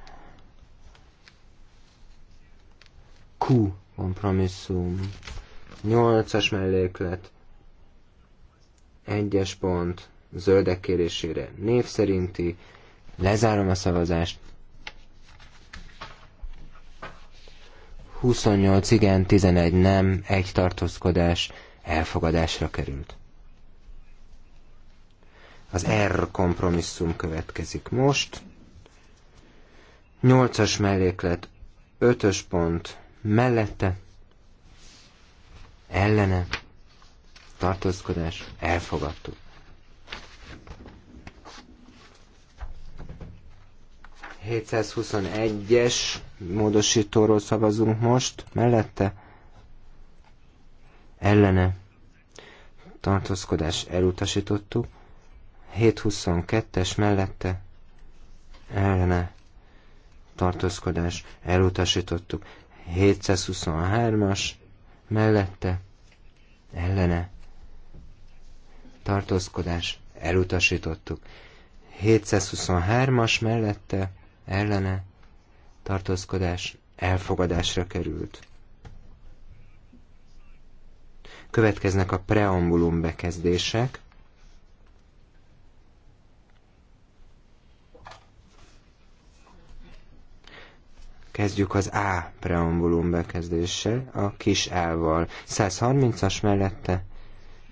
Q kompromisszum. 8-as melléklet. 1-es pont. Zöldek kérésére. Név szerinti. Lezárom a szavazást. 28 igen, 11 nem, egy tartózkodás elfogadásra került. Az R kompromisszum következik most. 8-as melléklet, 5-ös pont mellette, ellene, tartózkodás, elfogadtuk. 721-es módosítóról szavazunk most, mellette ellene tartózkodás elutasítottuk, 722-es mellette ellene tartózkodás elutasítottuk, 723-as mellette ellene tartózkodás elutasítottuk, 723-as mellette ellene tartózkodás elfogadásra került. Következnek a preambulum bekezdések. Kezdjük az A preambulum bekezdéssel, a kis A-val. 130-as mellette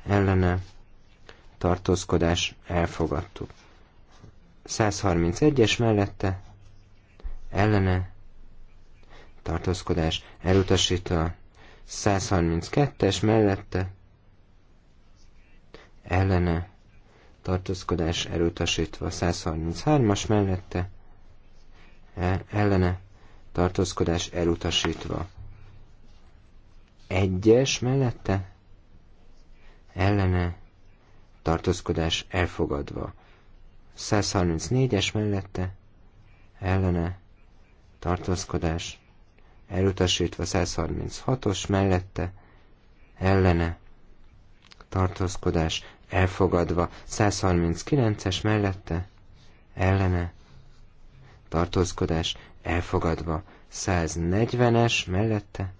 ellene tartózkodás elfogadtuk. 131-es mellette ellene tartózkodás elutasítva, 132-es mellette ellene tartózkodás elutasítva, 133-as mellette e, ellene tartózkodás elutasítva. Egyes mellette ellene tartózkodás elfogadva. 134-es mellette ellene tartózkodás elutasítva 136-os mellette, ellene tartózkodás elfogadva 139-es mellette, ellene tartózkodás elfogadva 140-es mellette,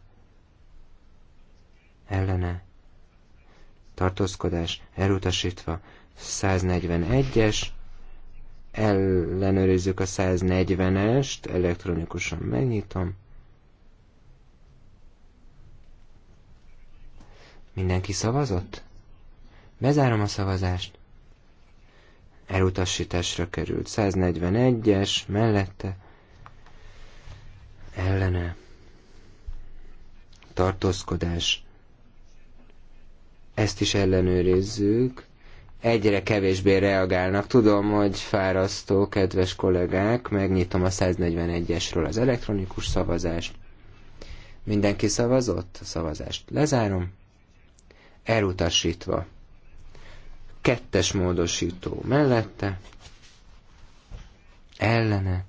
ellene tartózkodás elutasítva 141-es ellenőrizzük a 140-est, elektronikusan megnyitom. Mindenki szavazott? Bezárom a szavazást. Elutasításra került. 141-es, mellette, ellene, tartózkodás. Ezt is ellenőrizzük egyre kevésbé reagálnak. Tudom, hogy fárasztó, kedves kollégák, megnyitom a 141-esről az elektronikus szavazást. Mindenki szavazott? A szavazást lezárom. Elutasítva. Kettes módosító mellette. Ellene.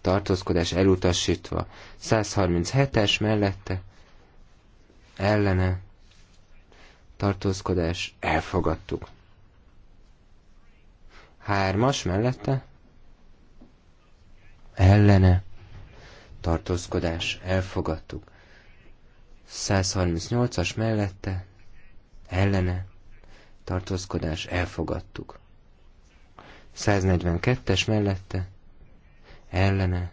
Tartózkodás elutasítva. 137-es mellette. Ellene tartózkodás, elfogadtuk. Hármas mellette, ellene, tartózkodás, elfogadtuk. 138-as mellette, ellene, tartózkodás, elfogadtuk. 142-es mellette, ellene,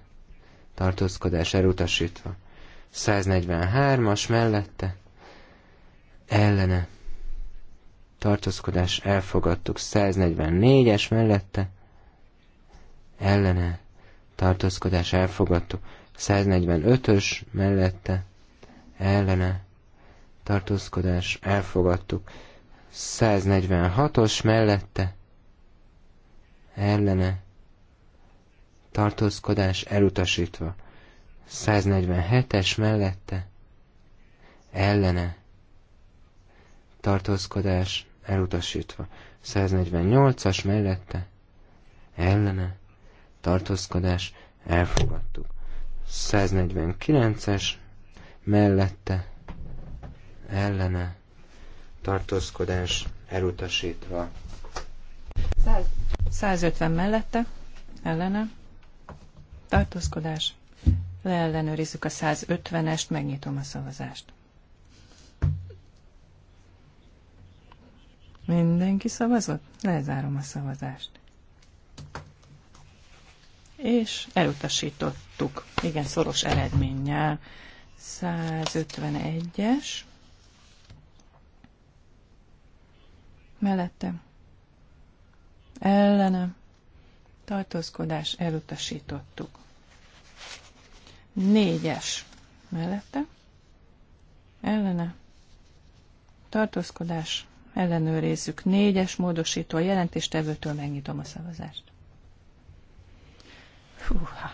tartózkodás elutasítva. 143-as mellette, ellene tartózkodás elfogadtuk 144-es mellette, ellene tartózkodás elfogadtuk 145-ös mellette, ellene tartózkodás elfogadtuk 146-os mellette, ellene tartózkodás elutasítva 147-es mellette, ellene tartózkodás elutasítva. 148-as mellette ellene tartózkodás elfogadtuk. 149-es mellette ellene tartózkodás elutasítva. 150 mellette ellene tartózkodás. Leellenőrizzük a 150-est, megnyitom a szavazást. Mindenki szavazott? Lezárom a szavazást. És elutasítottuk, igen, szoros eredménnyel. 151-es. Mellette. Ellene. Tartózkodás elutasítottuk. Négyes. Mellette. Ellene. Tartózkodás ellenőrizzük. Négyes módosító a jelentéstevőtől megnyitom a szavazást. Fúha.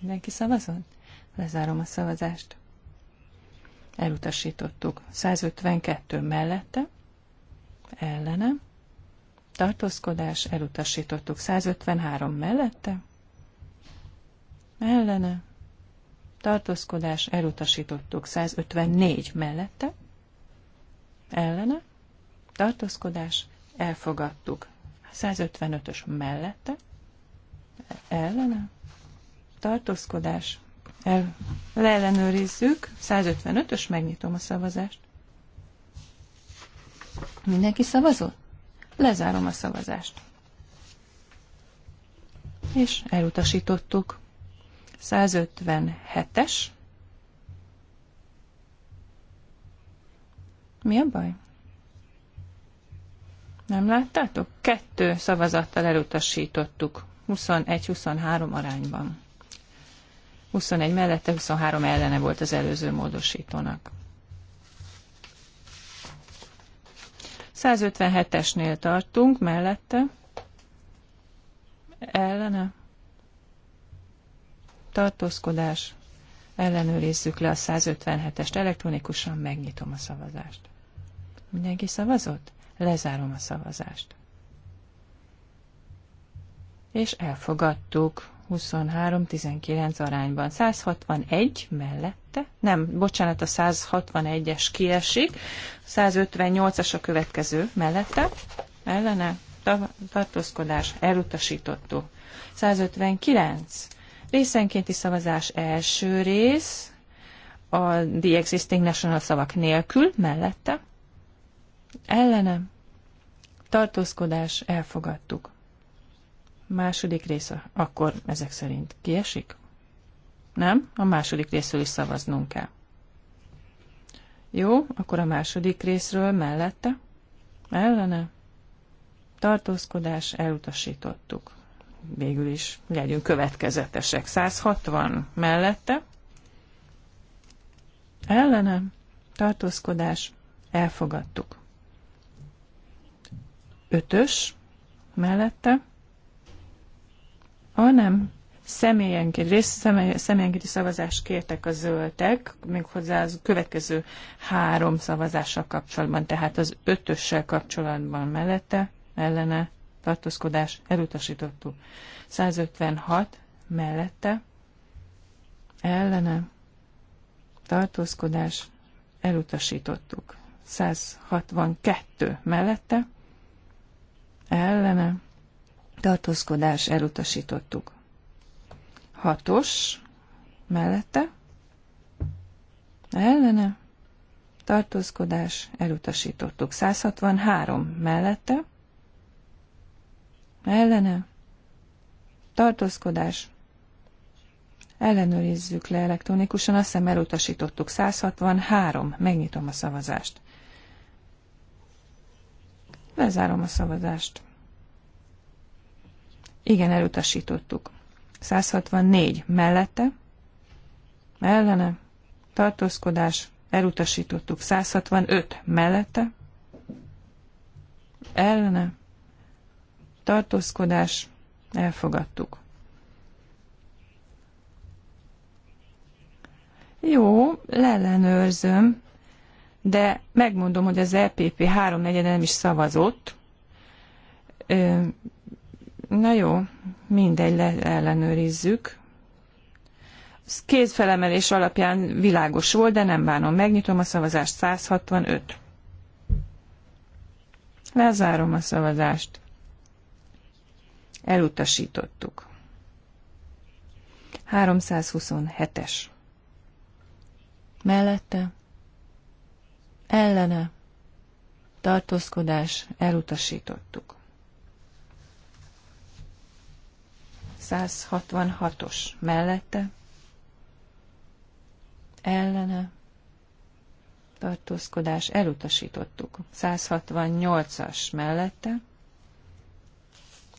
Mindenki szavazott? Lezárom a szavazást. Elutasítottuk. 152 mellette, ellene, tartózkodás, elutasítottuk. 153 mellette, ellene, tartózkodás, elutasítottuk. 154 mellette, ellene, tartózkodás, elfogadtuk. 155-ös mellette, ellene, tartózkodás, el, leellenőrizzük, 155-ös, megnyitom a szavazást. Mindenki szavazott? Lezárom a szavazást. És elutasítottuk. 157-es Mi a baj? Nem láttátok? Kettő szavazattal elutasítottuk. 21-23 arányban. 21 mellette, 23 ellene volt az előző módosítónak. 157-esnél tartunk, mellette. Ellene. Tartózkodás. Ellenőrizzük le a 157-est elektronikusan, megnyitom a szavazást. Mindenki szavazott? Lezárom a szavazást. És elfogadtuk 23-19 arányban. 161 mellette, nem, bocsánat, a 161-es kiesik, 158-as a következő mellette, ellene, tartózkodás, elutasítottuk. 159. Részenkénti szavazás első rész, a The Existing National szavak nélkül, mellette, Ellene. Tartózkodás elfogadtuk. Második része. Akkor ezek szerint kiesik? Nem? A második részről is szavaznunk kell. Jó, akkor a második részről mellette. Ellene. Tartózkodás elutasítottuk. Végül is legyünk következetesek. 160 mellette. Ellene. Tartózkodás elfogadtuk ötös mellette. ah nem, személyenként, rész, személy, személyenkénti szavazást kértek a zöldek, méghozzá az következő három szavazással kapcsolatban, tehát az ötössel kapcsolatban mellette, ellene, tartózkodás, elutasítottuk. 156 mellette, ellene, tartózkodás, elutasítottuk. 162 mellette, ellene, tartózkodás elutasítottuk. Hatos mellette, ellene, tartózkodás elutasítottuk. 163 mellette, ellene, tartózkodás ellenőrizzük le elektronikusan, azt hiszem elutasítottuk. 163, megnyitom a szavazást. Lezárom a szavazást. Igen, elutasítottuk. 164 mellette, ellene, tartózkodás, elutasítottuk. 165 mellette, ellene, tartózkodás, elfogadtuk. Jó, leellenőrzöm de megmondom, hogy az EPP háromnegyede nem is szavazott. Ö, na jó, mindegy, le, ellenőrizzük. Ez kézfelemelés alapján világos volt, de nem bánom. Megnyitom a szavazást. 165. Lezárom a szavazást. Elutasítottuk. 327-es. Mellette ellene tartózkodás elutasítottuk. 166-os mellette ellene tartózkodás elutasítottuk. 168-as mellette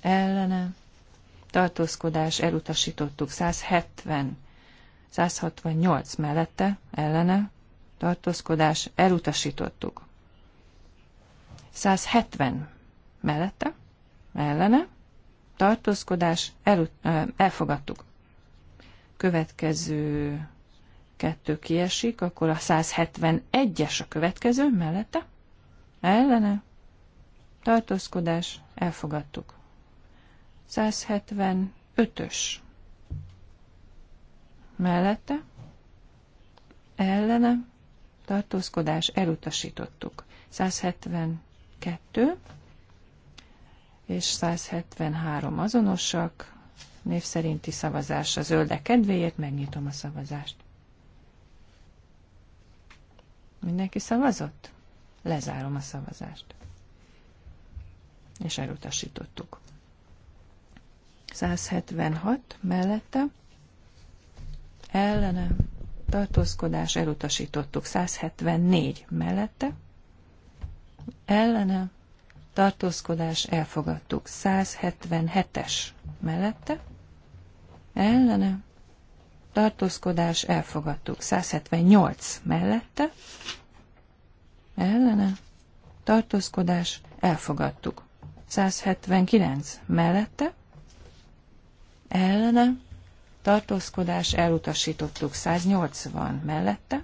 ellene tartózkodás elutasítottuk. 170 168 mellette ellene tartózkodás, elutasítottuk. 170 mellette, ellene, tartózkodás, elut, elfogadtuk. Következő kettő kiesik, akkor a 171-es a következő, mellette, ellene, tartózkodás, elfogadtuk. 175-ös mellette, ellene, tartózkodás elutasítottuk. 172 és 173 azonosak, név szerinti szavazás a zöldek kedvéért, megnyitom a szavazást. Mindenki szavazott? Lezárom a szavazást. És elutasítottuk. 176 mellette, Ellenem tartózkodás, elutasítottuk 174 mellette, ellene, tartózkodás, elfogadtuk 177-es mellette, ellene, tartózkodás, elfogadtuk 178 mellette, ellene, tartózkodás, elfogadtuk 179 mellette, ellene, tartózkodás elutasítottuk 180 mellette,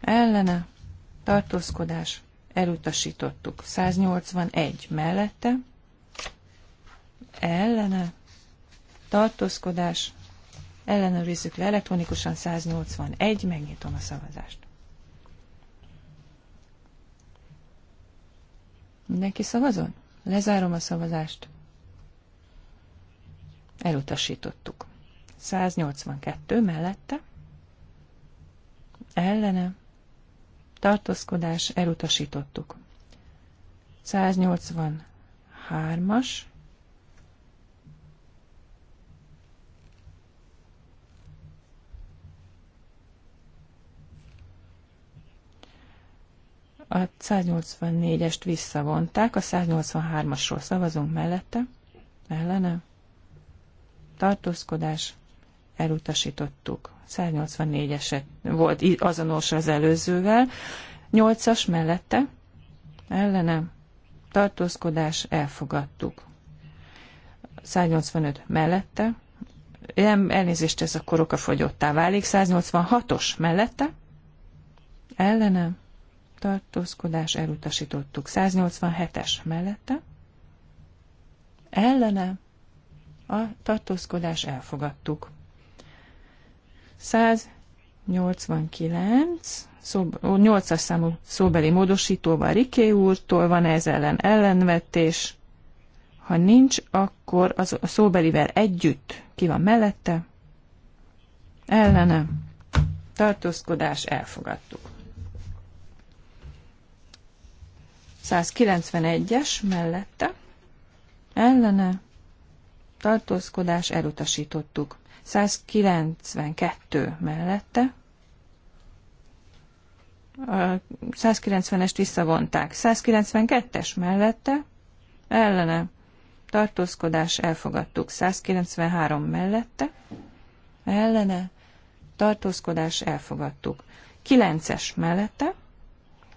ellene tartózkodás elutasítottuk 181 mellette, ellene tartózkodás ellenőrizzük le elektronikusan 181, megnyitom a szavazást. Mindenki szavazon? Lezárom a szavazást. Elutasítottuk. 182 mellette, ellene, tartózkodás elutasítottuk. 183-as, A 184-est visszavonták, a 183-asról szavazunk mellette, ellene, tartózkodás, elutasítottuk. 184 eset volt azonos az előzővel. 8-as mellette ellene tartózkodás elfogadtuk. 185 mellette, nem, elnézést ez a koroka fogyottá válik, 186-os mellette, ellene, tartózkodás elutasítottuk, 187-es mellette, ellene, a tartózkodás elfogadtuk. 189, 8-as számú szóbeli módosítóval Riké úrtól van ez ellen ellenvetés. Ha nincs, akkor az, a szóbelivel együtt ki van mellette? Ellene. Tartózkodás elfogadtuk. 191-es mellette. Ellene. Tartózkodás elutasítottuk. 192 mellette. A 190-est visszavonták. 192-es mellette. Ellene. Tartózkodás elfogadtuk. 193 mellette. Ellene. Tartózkodás elfogadtuk. 9-es mellette.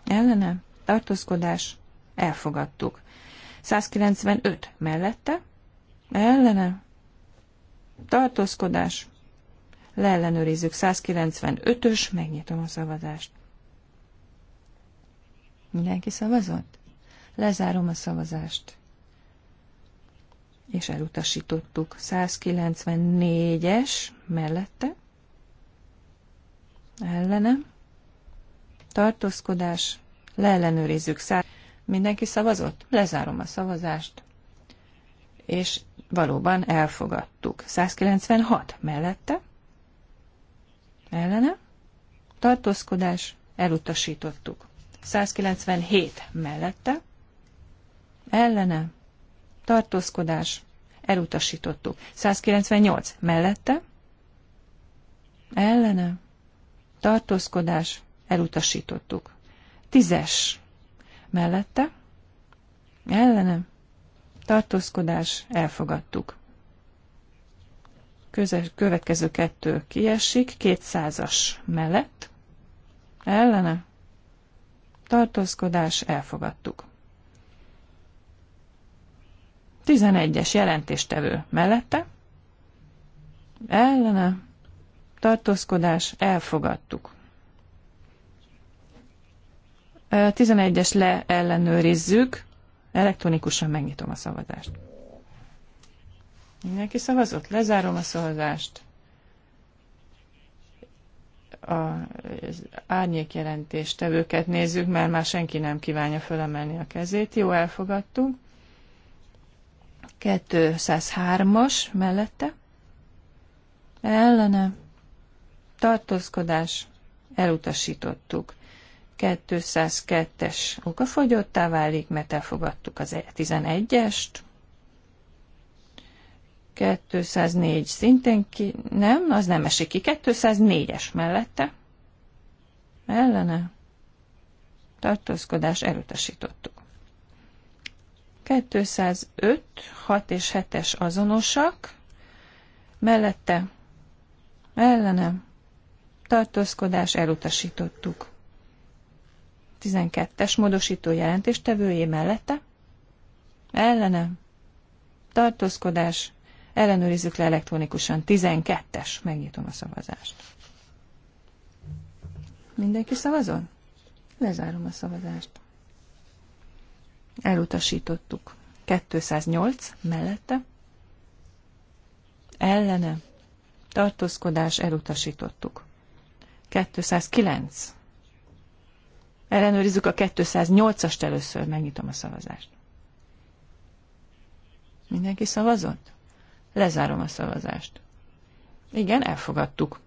Ellene. Tartózkodás elfogadtuk. 195 mellette. Ellene tartózkodás, leellenőrizzük 195-ös, megnyitom a szavazást. Mindenki szavazott? Lezárom a szavazást. És elutasítottuk. 194-es mellette. Ellene. Tartózkodás. Leellenőrizzük. Mindenki szavazott? Lezárom a szavazást. És valóban elfogadtuk. 196 mellette, ellene, tartózkodás, elutasítottuk. 197 mellette, ellene, tartózkodás, elutasítottuk. 198 mellette, ellene, tartózkodás, elutasítottuk. Tízes mellette, ellene, tartózkodás, elfogadtuk. Közes, következő kettő kiesik, 200-as mellett, ellene, tartózkodás, elfogadtuk. 11-es jelentéstevő mellette, ellene, tartózkodás, elfogadtuk. 11-es leellenőrizzük, Elektronikusan megnyitom a szavazást. Mindenki szavazott? Lezárom a szavazást. A árnyékjelentés tevőket nézzük, mert már senki nem kívánja fölemelni a kezét. Jó, elfogadtunk. 203-as mellette. Ellene. Tartózkodás. Elutasítottuk. 202-es okafogyottá válik, mert elfogadtuk az 11-est. E- 204 szintén ki, nem, az nem esik ki. 204-es mellette. Ellene. Tartózkodás elutasítottuk. 205, 6 és 7-es azonosak. Mellette. Ellenem tartózkodás elutasítottuk. 12-es módosító jelentéstevőjé mellette, ellene, tartózkodás, ellenőrizzük le elektronikusan, 12-es, megnyitom a szavazást. Mindenki szavazon? Lezárom a szavazást. Elutasítottuk. 208 mellette. Ellene. Tartózkodás elutasítottuk. 209 Ellenőrizzük a 208-ast először, megnyitom a szavazást. Mindenki szavazott? Lezárom a szavazást. Igen, elfogadtuk.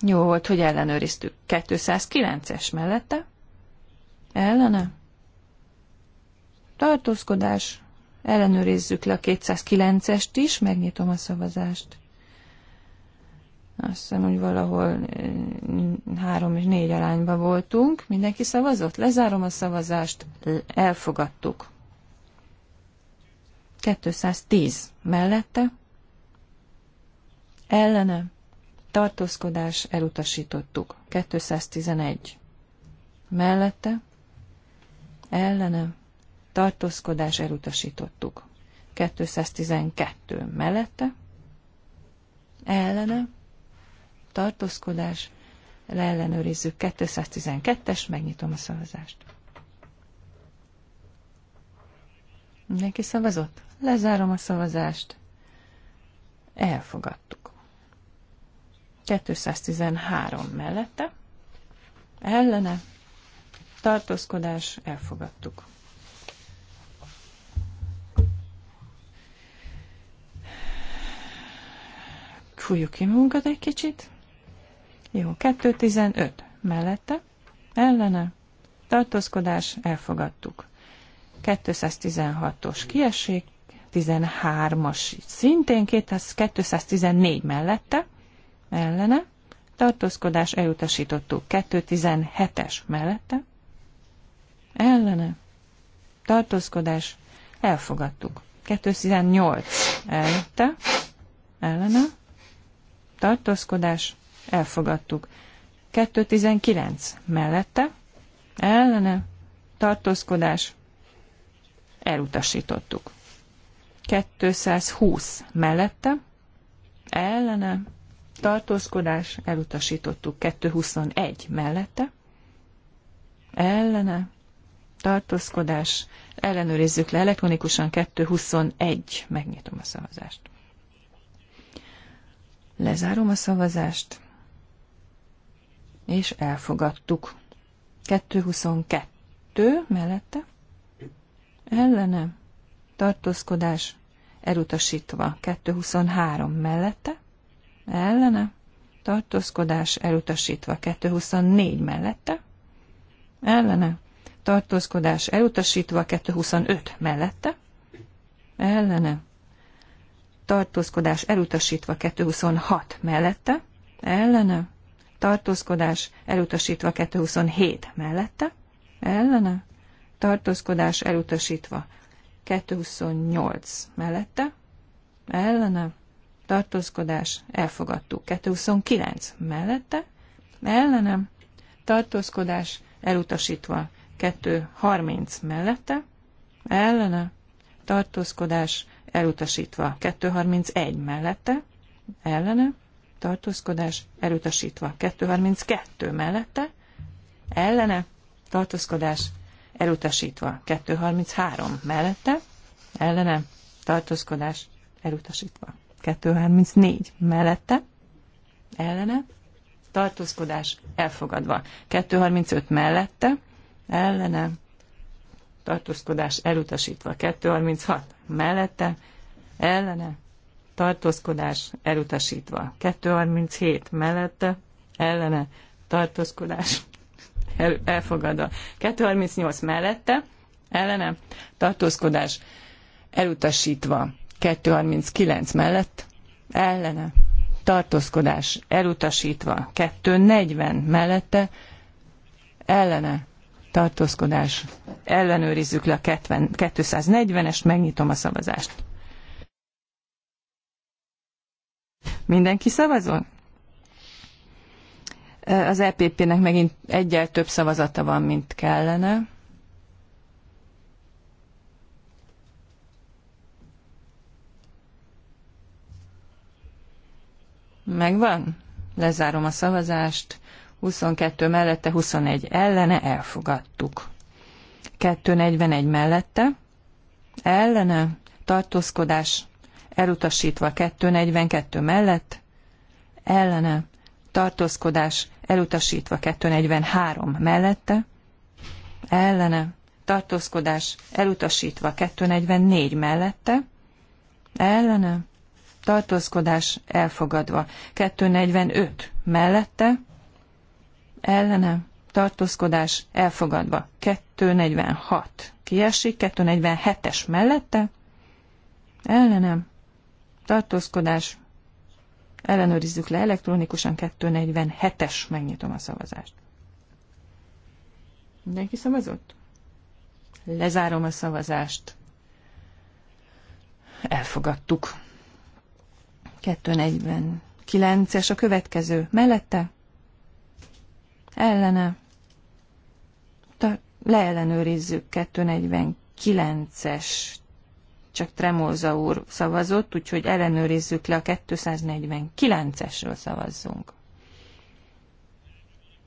Jó volt, hogy ellenőriztük. 209-es mellette? Ellene? Tartózkodás. Ellenőrizzük le a 209-est is, megnyitom a szavazást. Azt hiszem, hogy valahol eh, három és négy arányban voltunk. Mindenki szavazott? Lezárom a szavazást. Elfogadtuk. 210 mellette. Ellene. Tartózkodás elutasítottuk. 211 mellette. Ellene. Tartózkodás elutasítottuk. 212 mellette. Ellene tartózkodás, leellenőrizzük 212-es, megnyitom a szavazást. Mindenki szavazott? Lezárom a szavazást. Elfogadtuk. 213 mellette. Ellene. Tartózkodás. Elfogadtuk. Fújjuk ki magunkat egy kicsit. Jó, 2.15 mellette, ellene, tartózkodás, elfogadtuk. 216-os kiesik, 13-as szintén, 214 mellette, ellene, tartózkodás elutasítottuk, 217-es mellette, ellene, tartózkodás elfogadtuk, 218 mellette, ellene, tartózkodás elfogadtuk. 219 mellette, ellene, tartózkodás, elutasítottuk. 220 mellette, ellene, tartózkodás, elutasítottuk. 221 mellette, ellene, tartózkodás, ellenőrizzük le elektronikusan 221, megnyitom a szavazást. Lezárom a szavazást és elfogadtuk. 222 mellette ellene tartózkodás elutasítva. 223 mellette ellene tartózkodás elutasítva. 224 mellette ellene tartózkodás elutasítva. 225 mellette ellene tartózkodás elutasítva. 226 mellette ellene tartózkodás elutasítva 227 mellette, ellene, tartózkodás elutasítva 228 mellette, ellene, tartózkodás elfogadtuk 229 mellette, ellene, tartózkodás elutasítva 230 mellette, ellene, tartózkodás elutasítva 231 mellette, ellene, tartózkodás elutasítva. 232 mellette, ellene, tartózkodás elutasítva. 233 mellette, ellene, tartózkodás elutasítva. 234 mellette, ellene, tartózkodás elfogadva. 235 mellette, ellene, tartózkodás elutasítva. 236 mellette, ellene, tartózkodás elutasítva. 237 mellette ellene tartózkodás el, elfogadva. 238 mellette ellene tartózkodás elutasítva. 239 mellett ellene tartózkodás elutasítva. 240 mellette ellene tartózkodás ellenőrizzük le a 240-est, megnyitom a szavazást. Mindenki szavazol? Az EPP-nek megint egyel több szavazata van, mint kellene. Megvan? Lezárom a szavazást. 22 mellette, 21 ellene, elfogadtuk. 241 mellette, ellene, tartózkodás, elutasítva 242 mellett, ellene tartózkodás elutasítva 243 mellette, ellene tartózkodás elutasítva 244 mellette, ellene tartózkodás elfogadva 245 mellette, ellene tartózkodás elfogadva 246 kiesik, 247-es mellette, ellenem tartózkodás, ellenőrizzük le elektronikusan 247-es, megnyitom a szavazást. Mindenki szavazott? Lezárom a szavazást. Elfogadtuk. 249-es a következő. Mellette? Ellene? Ta, leellenőrizzük 249 es csak Tremolza úr szavazott, úgyhogy ellenőrizzük le a 249-esről szavazzunk.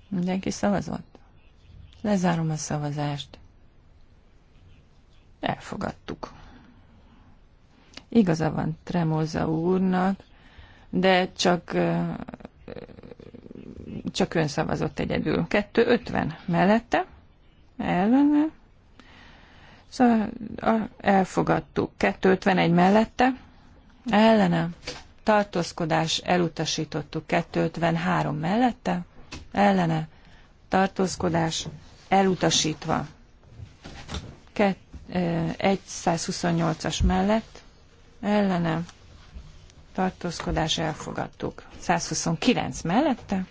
Mindenki szavazott? Lezárom a szavazást. Elfogadtuk. Igaza van Tremolza úrnak, de csak, csak ön szavazott egyedül. 250 mellette, ellene, Szóval elfogadtuk. 251 mellette, ellene, tartózkodás elutasítottuk. 253 mellette, ellene, tartózkodás elutasítva. 128-as mellett, ellene, tartózkodás elfogadtuk. 129 mellette,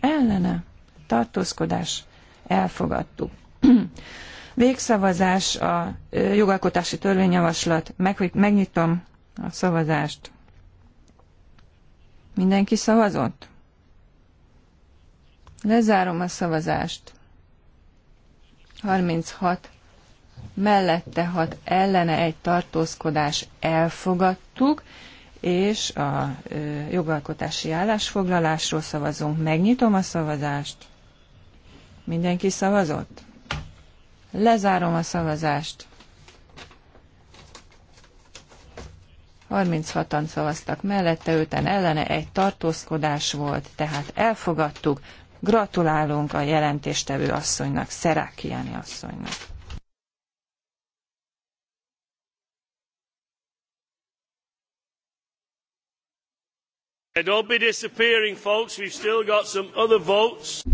ellene, tartózkodás elfogadtuk. Végszavazás a jogalkotási törvényjavaslat. Meg, megnyitom a szavazást. Mindenki szavazott? Lezárom a szavazást. 36 mellette 6 ellene egy tartózkodás elfogadtuk, és a jogalkotási állásfoglalásról szavazunk. Megnyitom a szavazást. Mindenki szavazott? Lezárom a szavazást. 36-an szavaztak mellette, őten ellene egy tartózkodás volt, tehát elfogadtuk. Gratulálunk a jelentéstevő asszonynak, Jani asszonynak.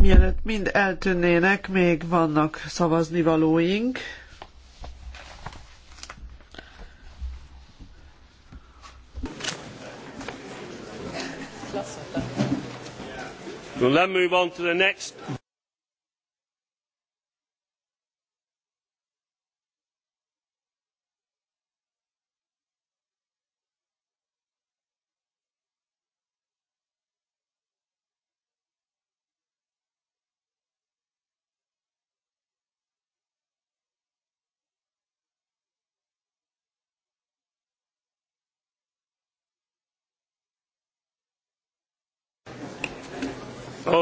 Mielőtt mind eltűnnének, még vannak szavaznivalóink. We'll Let's move on to the next.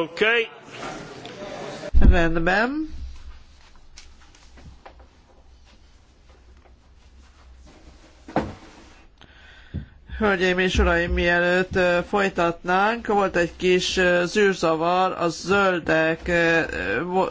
Okay. Rendben. Hölgyeim és uraim, mielőtt folytatnánk, volt egy kis zűrzavar a zöldek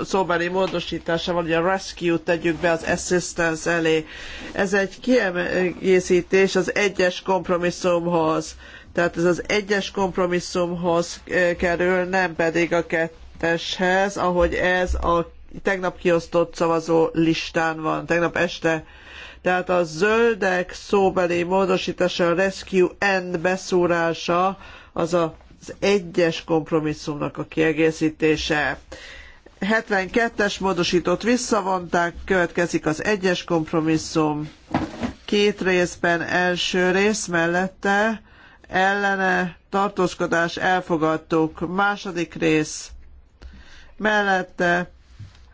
szóbeli módosításával, ugye a rescue tegyük be az assistance elé. Ez egy kiegészítés az egyes kompromisszumhoz. Tehát ez az egyes kompromisszumhoz eh, kerül, nem pedig a ketteshez, ahogy ez a tegnap kiosztott szavazó listán van, tegnap este. Tehát a zöldek szóbeli módosítása, a Rescue End beszúrása, az az egyes kompromisszumnak a kiegészítése. 72-es módosított visszavonták, következik az egyes kompromisszum. Két részben első rész mellette ellene tartózkodás elfogadtuk. Második rész mellette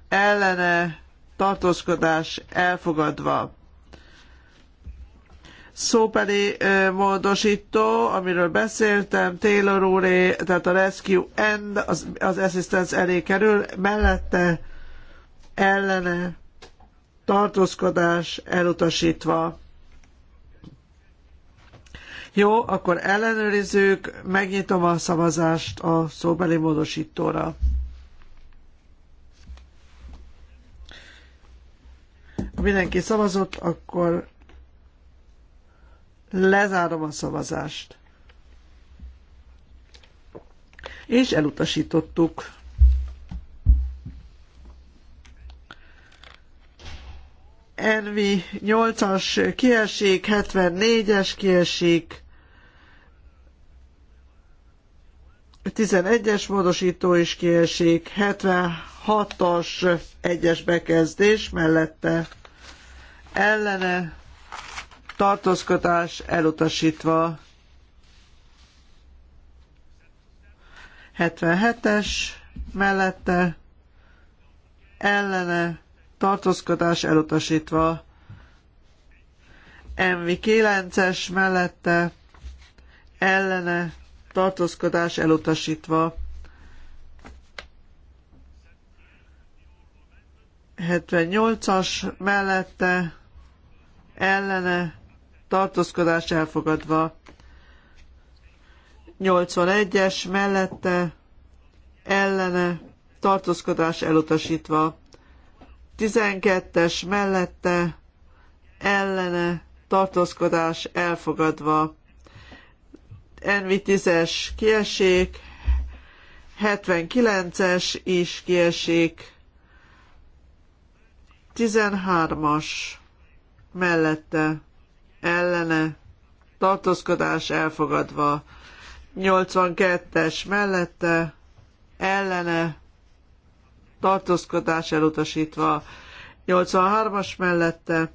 ellene tartózkodás elfogadva. Szóbeli módosító, amiről beszéltem, Taylor úré, tehát a Rescue End, az, az Assistance elé kerül, mellette ellene tartózkodás elutasítva. Jó, akkor ellenőrizzük, megnyitom a szavazást a szóbeli módosítóra. Ha mindenki szavazott, akkor lezárom a szavazást. És elutasítottuk. Envi 8-as kiesik, 74-es kiesik, 11-es módosító is kiesik, 76-as egyes bekezdés mellette ellene tartózkodás elutasítva 77-es mellette ellene tartózkodás elutasítva MV 9-es mellette ellene tartózkodás elutasítva. 78-as mellette ellene tartózkodás elfogadva. 81-es mellette ellene tartózkodás elutasítva. 12-es mellette ellene tartózkodás elfogadva. NV10-es kiesik, 79-es is kiesik, 13-as mellette, ellene, tartózkodás elfogadva, 82-es mellette, ellene, tartózkodás elutasítva, 83-as mellette,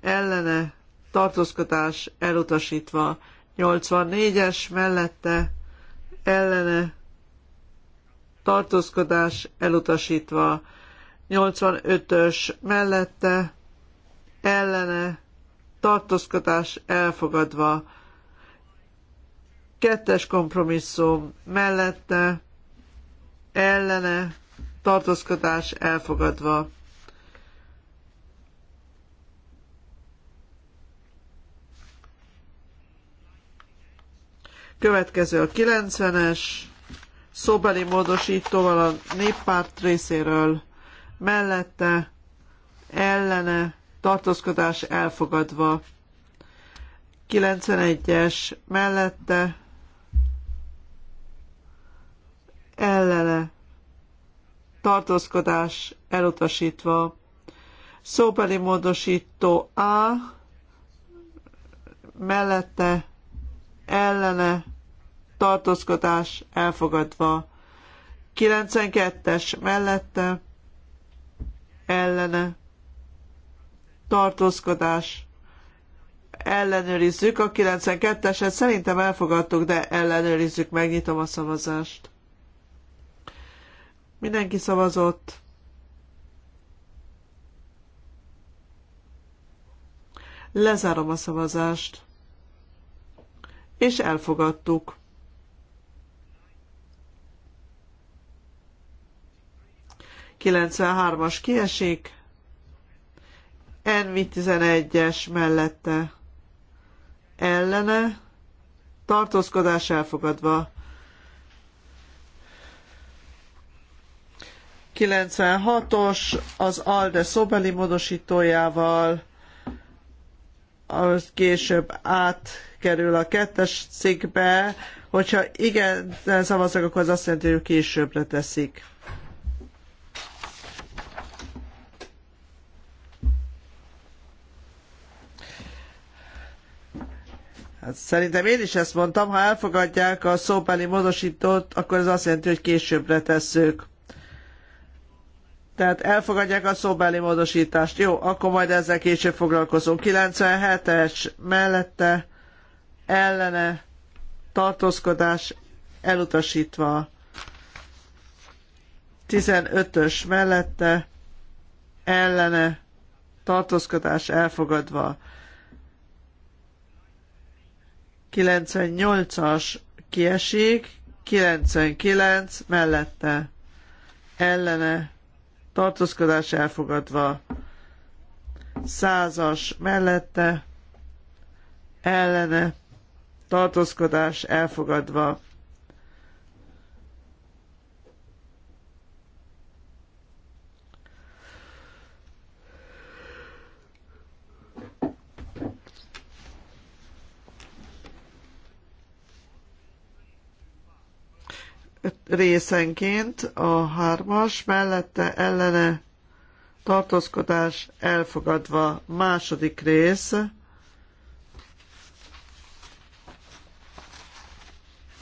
ellene, tartózkodás elutasítva, 84-es mellette ellene tartózkodás elutasítva, 85-ös mellette ellene tartózkodás elfogadva, kettes kompromisszum mellette ellene tartózkodás elfogadva. Következő a 90-es, szóbeli módosítóval a néppárt részéről mellette, ellene, tartózkodás elfogadva. 91-es mellette, ellene, tartózkodás elutasítva. Szóbeli módosító A mellette ellene tartózkodás elfogadva. 92-es mellette ellene tartózkodás ellenőrizzük. A 92-eset szerintem elfogadtuk, de ellenőrizzük, megnyitom a szavazást. Mindenki szavazott. Lezárom a szavazást és elfogadtuk. Kilencvenhármas kiesik, Envi 11-es mellette ellene, tartózkodás elfogadva. 96-os az ALDE szobeli módosítójával az később átkerül a kettes cikkbe, hogyha igen szavaznak, akkor az azt jelenti, hogy későbbre teszik. Hát szerintem én is ezt mondtam, ha elfogadják a szóbeli módosítót, akkor ez azt jelenti, hogy későbbre tesszük. Tehát elfogadják a szóbeli módosítást. Jó, akkor majd ezzel később foglalkozunk. 97-es mellette ellene tartózkodás elutasítva. 15-ös mellette ellene tartózkodás elfogadva. 98-as kiesik, 99 mellette ellene tartózkodás elfogadva, százas mellette, ellene, tartózkodás elfogadva, részenként a hármas mellette ellene tartózkodás elfogadva második rész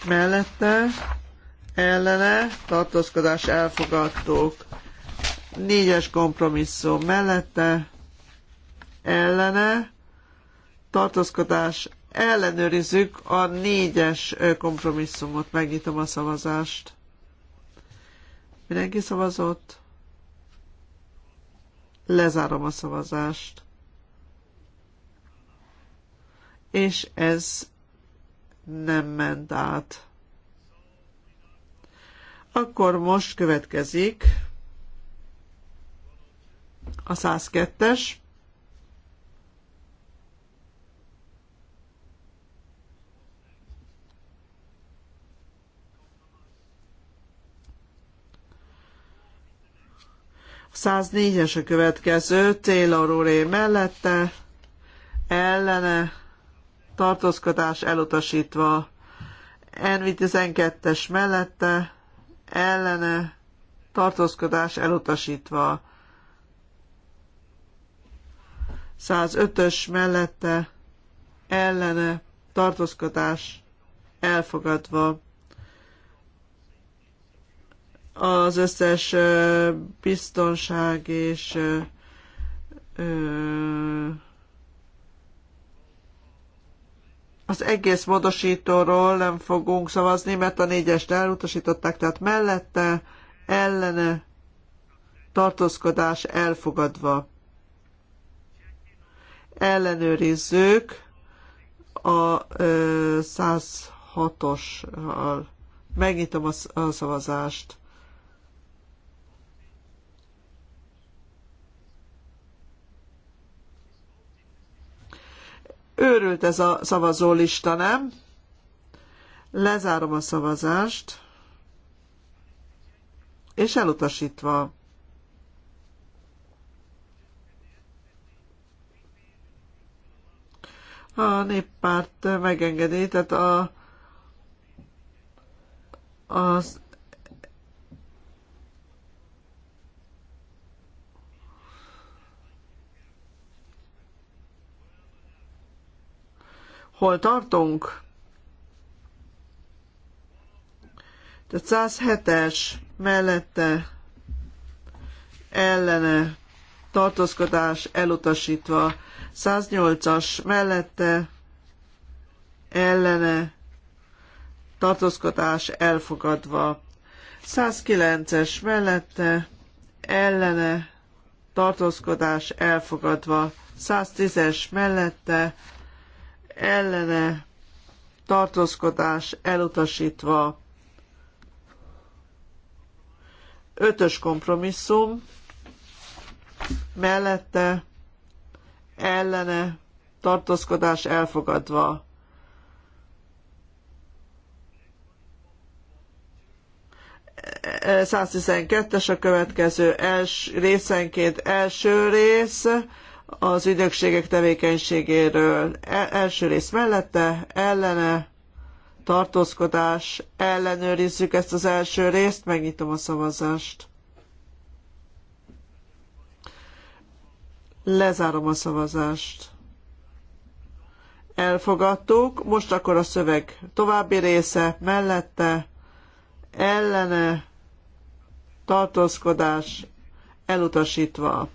mellette ellene tartózkodás elfogadtók négyes kompromisszum mellette ellene tartózkodás ellenőrizzük a négyes kompromisszumot. Megnyitom a szavazást. Mindenki szavazott? Lezárom a szavazást. És ez nem ment át. Akkor most következik a 102-es 104-es a következő, Taylor mellette, ellene, tartózkodás elutasítva. NV12-es mellette, ellene, tartózkodás elutasítva. 105-ös mellette, ellene, tartózkodás elfogadva az összes biztonság és az egész módosítóról nem fogunk szavazni, mert a négyest elutasították, tehát mellette, ellene, tartózkodás elfogadva. Ellenőrizzük a 106 os Megnyitom a szavazást. Őrült ez a szavazólista, nem? Lezárom a szavazást. És elutasítva. A néppárt megengedi, tehát a, az Hol tartunk? Tehát 107-es mellette ellene tartózkodás elutasítva, 108-as mellette ellene tartózkodás elfogadva, 109-es mellette ellene tartózkodás elfogadva, 110-es mellette ellene tartózkodás elutasítva. Ötös kompromisszum mellette ellene tartózkodás elfogadva. E 112-es a következő els, részenként első rész az ügynökségek tevékenységéről. E, első rész mellette, ellene, tartózkodás, ellenőrizzük ezt az első részt, megnyitom a szavazást. Lezárom a szavazást. Elfogadtuk, most akkor a szöveg további része, mellette, ellene, tartózkodás, elutasítva.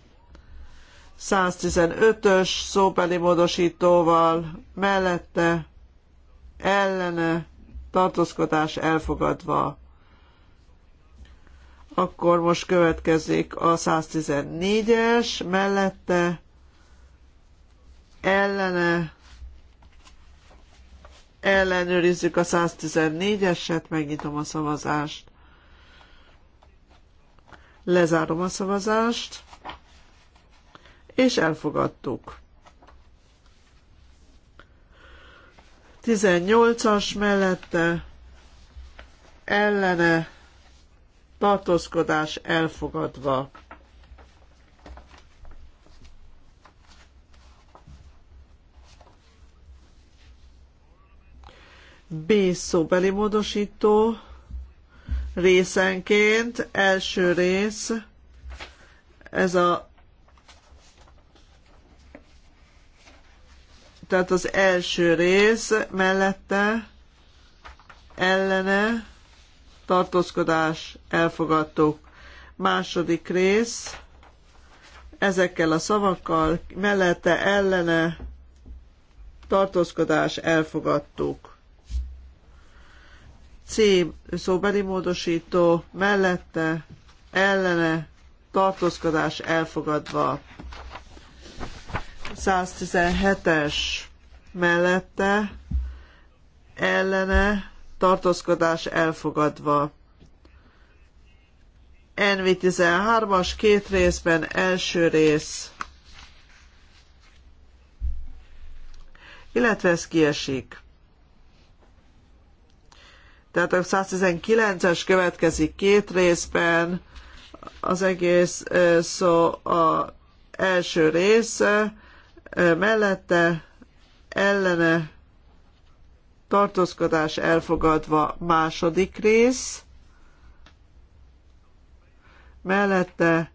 115-ös szóbeli módosítóval mellette ellene tartózkodás elfogadva. Akkor most következik a 114-es mellette ellene ellenőrizzük a 114-eset, megnyitom a szavazást. Lezárom a szavazást és elfogadtuk. 18-as mellette ellene tartózkodás elfogadva. B szóbeli módosító részenként első rész ez a Tehát az első rész mellette ellene tartózkodás elfogadtuk. Második rész ezekkel a szavakkal mellette ellene tartózkodás elfogadtuk. C. Szóbeli módosító mellette ellene tartózkodás elfogadva. 117-es mellette ellene tartózkodás elfogadva. NV13-as két részben első rész, illetve ez kiesik. Tehát a 119-es következik két részben, az egész szó a első rész mellette ellene tartózkodás elfogadva második rész, mellette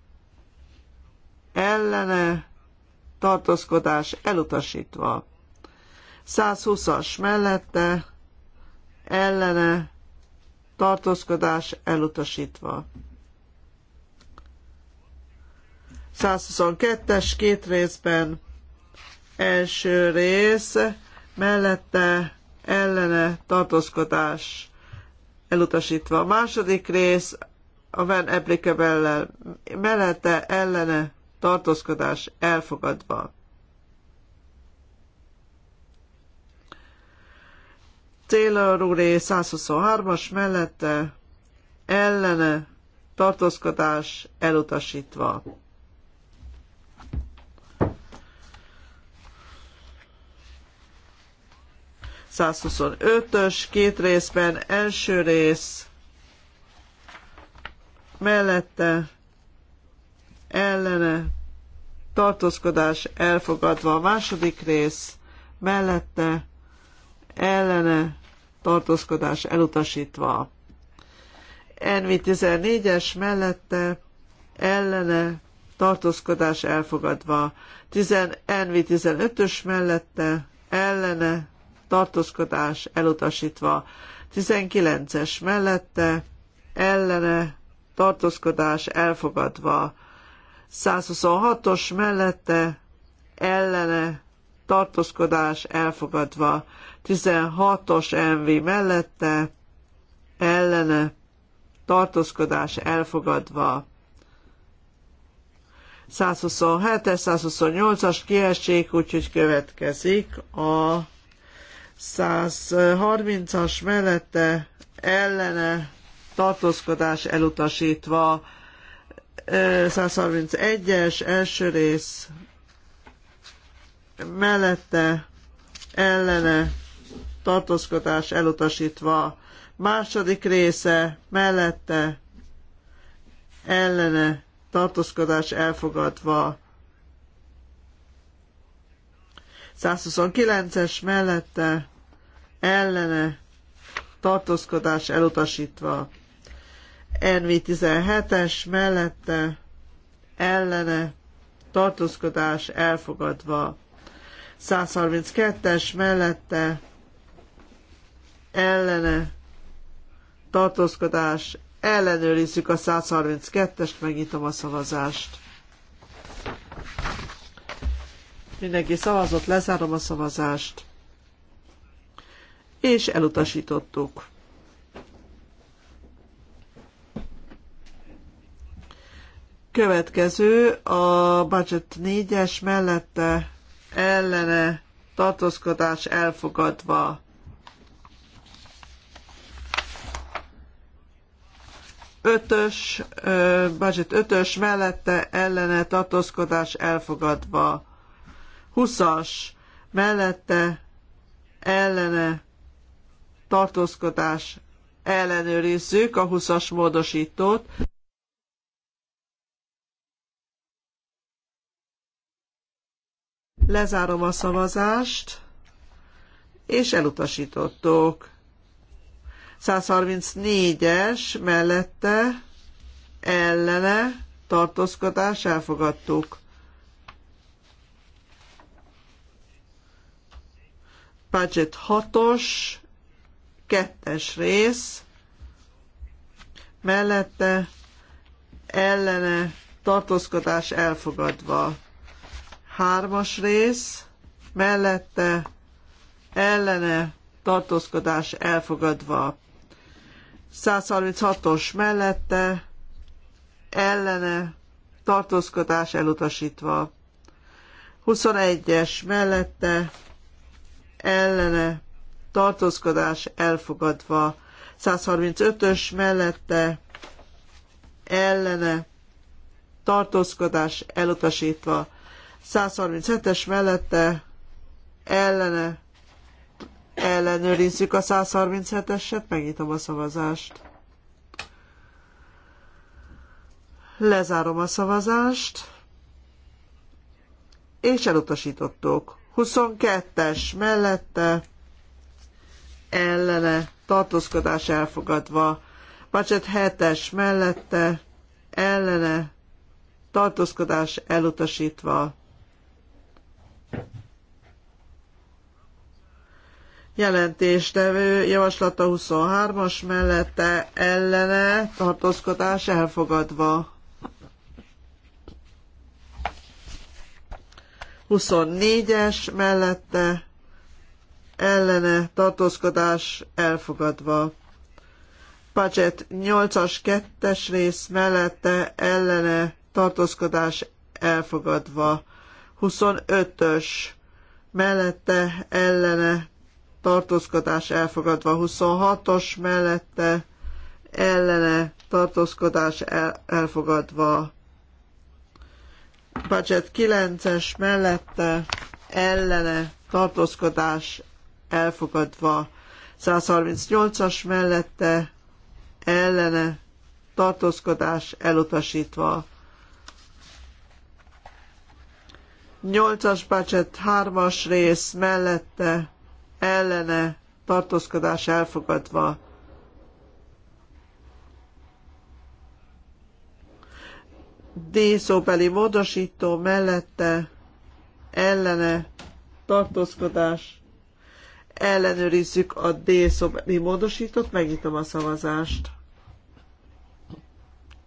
ellene tartózkodás elutasítva. 120-as mellette ellene tartózkodás elutasítva. 122-es két részben Első rész, mellette ellene tartózkodás elutasítva. A második rész, a Van applicable mellette ellene tartózkodás elfogadva. Taylor úré 123-as mellette ellene tartózkodás elutasítva. 125-ös, két részben, első rész, mellette, ellene, tartózkodás elfogadva, a második rész, mellette, ellene, tartózkodás elutasítva. NV14-es mellette, ellene, tartózkodás elfogadva. 10, NV15-ös mellette, ellene, tartózkodás elutasítva. 19-es mellette, ellene, tartózkodás elfogadva. 126-os mellette, ellene, tartózkodás elfogadva. 16-os MV mellette, ellene, tartózkodás elfogadva. 127-es, 128-as kiesik, úgyhogy következik a 130-as mellette ellene tartózkodás elutasítva, 131-es első rész mellette ellene tartózkodás elutasítva, második része mellette ellene tartózkodás elfogadva, 129-es mellette ellene tartózkodás elutasítva. NV17-es mellette ellene tartózkodás elfogadva. 132-es mellette ellene tartózkodás ellenőrizzük a 132-est, megnyitom a szavazást. Mindenki szavazott, lezárom a szavazást. És elutasítottuk. Következő a budget 4-es mellette ellene tartózkodás elfogadva. ötös, budget ötös mellette ellene tartózkodás elfogadva. 20-as mellette ellene tartózkodás ellenőrizzük a 20-as módosítót. Lezárom a szavazást, és elutasítottuk. 134-es mellette ellene tartózkodás elfogadtuk. budget 6-os, 2-es rész, mellette ellene tartózkodás elfogadva. 3-as rész, mellette ellene tartózkodás elfogadva. 136-os mellette ellene tartózkodás elutasítva. 21-es mellette ellene tartózkodás elfogadva. 135-ös mellette ellene tartózkodás elutasítva. 137-es mellette ellene ellenőrizzük a 137-eset, megnyitom a szavazást. Lezárom a szavazást, és elutasítottuk. 22-es mellette ellene tartózkodás elfogadva. Bacset 7-es mellette ellene tartózkodás elutasítva. Jelentéstevő javaslata 23-as mellette ellene tartózkodás elfogadva. 24-es mellette ellene tartózkodás elfogadva. Pacset 8-as 2-es rész mellette ellene tartózkodás elfogadva. 25-ös mellette ellene tartózkodás elfogadva. 26-os mellette ellene tartózkodás el, elfogadva. Budget 9-es mellette ellene tartózkodás elfogadva. 138-as mellette ellene tartózkodás elutasítva. 8-as budget 3-as rész mellette ellene tartózkodás elfogadva. D szóbeli módosító mellette ellene tartózkodás. Ellenőrizzük a D szóbeli módosítót, megnyitom a szavazást.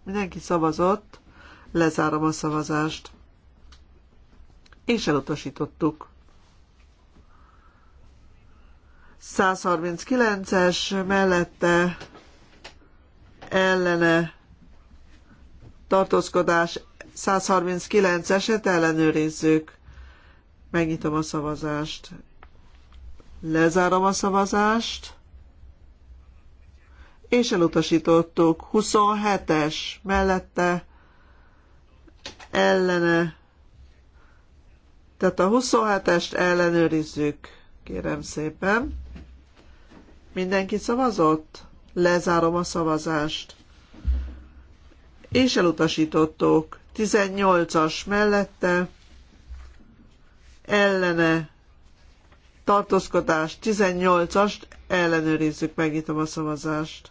Mindenki szavazott, lezárom a szavazást. És elutasítottuk. 139-es mellette ellene tartózkodás 139-eset ellenőrizzük. Megnyitom a szavazást. Lezárom a szavazást. És elutasítottuk. 27-es mellette ellene. Tehát a 27-est ellenőrizzük. Kérem szépen. Mindenki szavazott? Lezárom a szavazást és elutasítottuk. 18-as mellette ellene tartózkodás 18-ast ellenőrizzük, megnyitom a szavazást.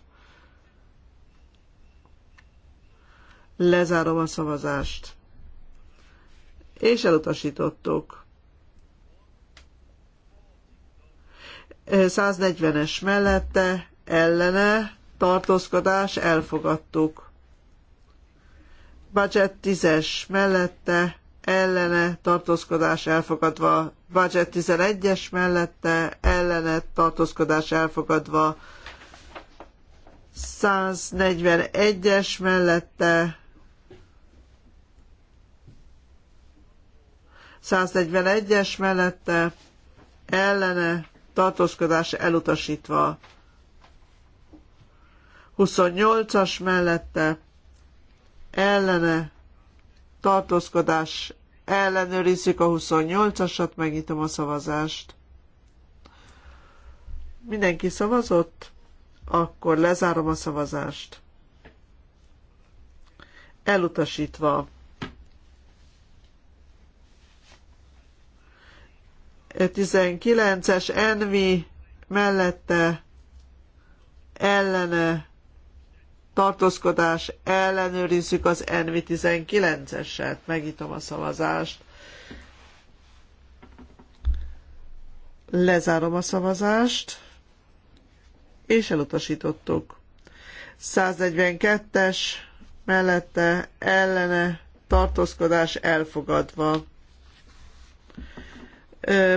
Lezárom a szavazást. És elutasítottuk. 140-es mellette ellene tartózkodás elfogadtuk. Budget 10-es mellette ellene tartózkodás elfogadva, budget 11-es mellette ellene tartózkodás elfogadva, 141-es mellette, 141-es mellette ellene tartózkodás elutasítva, 28-as mellette ellene tartózkodás ellenőrizzük a 28-asat, megnyitom a szavazást. Mindenki szavazott? Akkor lezárom a szavazást. Elutasítva. E 19-es Envi mellette ellene tartózkodás, ellenőrizzük az NV19-eset, megnyitom a szavazást. Lezárom a szavazást, és elutasítottuk. 142-es mellette ellene tartózkodás elfogadva.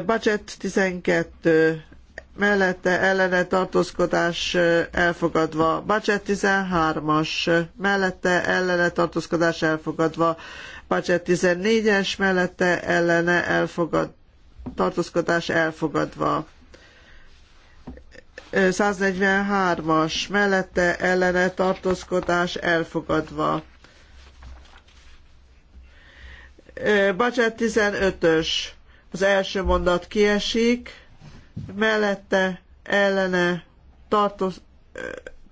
Budget 12 mellette ellene tartózkodás elfogadva. Bacset 13-as, mellette ellene tartózkodás elfogadva. Bacset 14-es, mellette ellene elfogad, tartózkodás elfogadva. 143-as, mellette ellene tartózkodás elfogadva. Bacset 15-ös, az első mondat kiesik mellette ellene tartoz,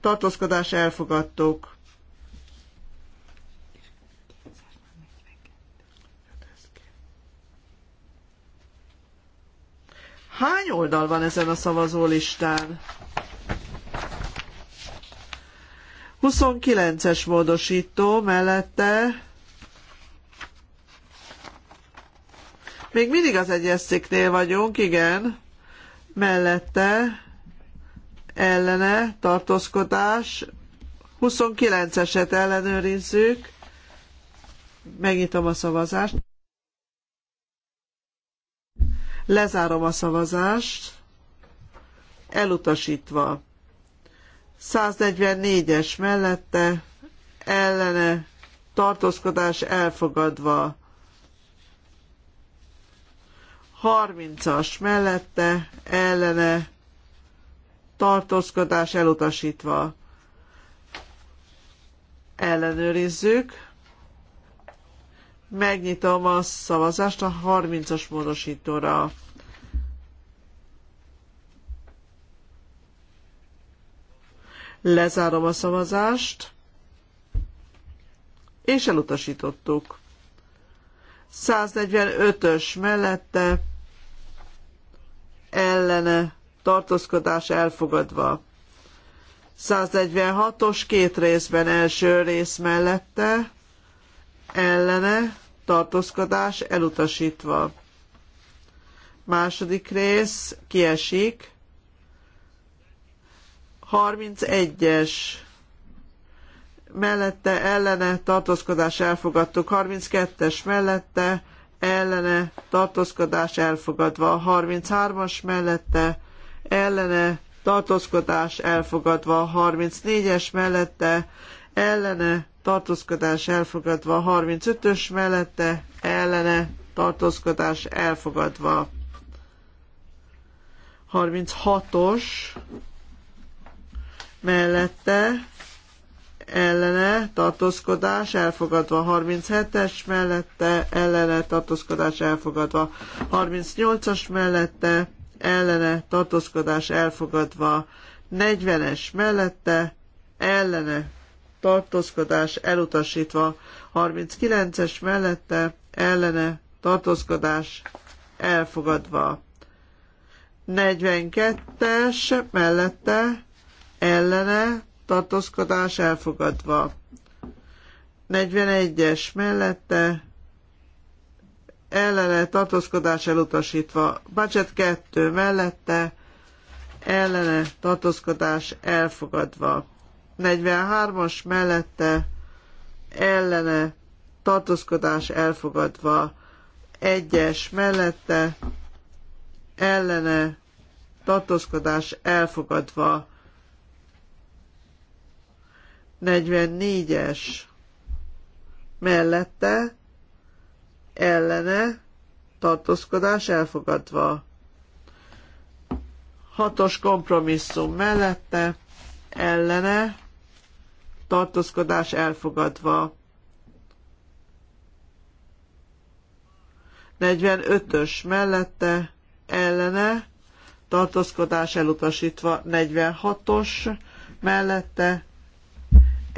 tartózkodás elfogadtuk. Hány oldal van ezen a szavazólistán? 29-es módosító mellette még mindig az egyes vagyunk, igen mellette ellene tartózkodás. 29-eset ellenőrizzük. Megnyitom a szavazást. Lezárom a szavazást. Elutasítva. 144-es mellette ellene tartózkodás elfogadva. 30-as mellette ellene tartózkodás elutasítva. Ellenőrizzük. Megnyitom a szavazást a 30-as módosítóra. Lezárom a szavazást, és elutasítottuk. 145-ös mellette ellene tartózkodás elfogadva. 146-os két részben első rész mellette ellene tartózkodás elutasítva. Második rész kiesik. 31-es mellette ellene tartózkodás elfogadtuk. 32-es mellette ellene tartózkodás elfogadva, a 33-as mellette ellene tartózkodás elfogadva, a 34-es mellette ellene tartózkodás elfogadva, a 35-ös mellette ellene tartózkodás elfogadva. 36-os mellette ellene tartózkodás elfogadva, 37-es mellette ellene tartózkodás elfogadva, 38-as mellette ellene tartózkodás elfogadva, 40-es mellette ellene tartózkodás elutasítva, 39-es mellette ellene tartózkodás elfogadva. 42-es mellette ellene tartózkodás elfogadva. 41-es mellette ellene tartózkodás elutasítva. Budget 2 mellette ellene tartózkodás elfogadva. 43-as mellette ellene tartózkodás elfogadva. 1-es mellette ellene tartózkodás elfogadva. 44-es mellette ellene tartózkodás elfogadva. 6-os kompromisszum mellette ellene tartózkodás elfogadva. 45-ös mellette ellene tartózkodás elutasítva. 46-os mellette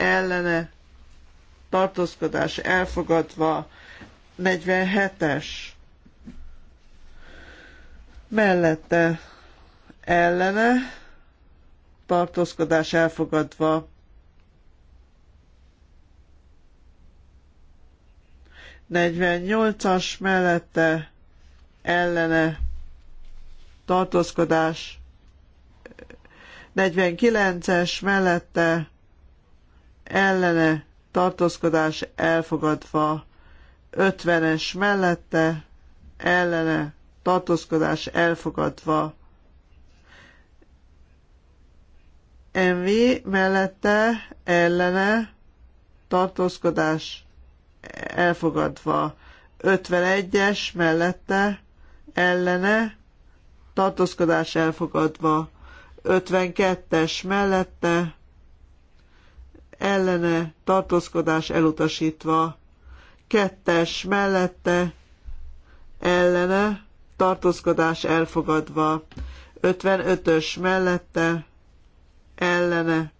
ellene tartózkodás elfogadva 47-es mellette ellene tartózkodás elfogadva 48-as mellette ellene tartózkodás 49-es mellette ellene tartózkodás elfogadva, 50-es mellette ellene tartózkodás elfogadva, MV mellette ellene tartózkodás elfogadva, 51-es mellette ellene tartózkodás elfogadva, 52-es mellette ellene tartózkodás elutasítva, kettes mellette ellene tartózkodás elfogadva, 55-ös mellette ellene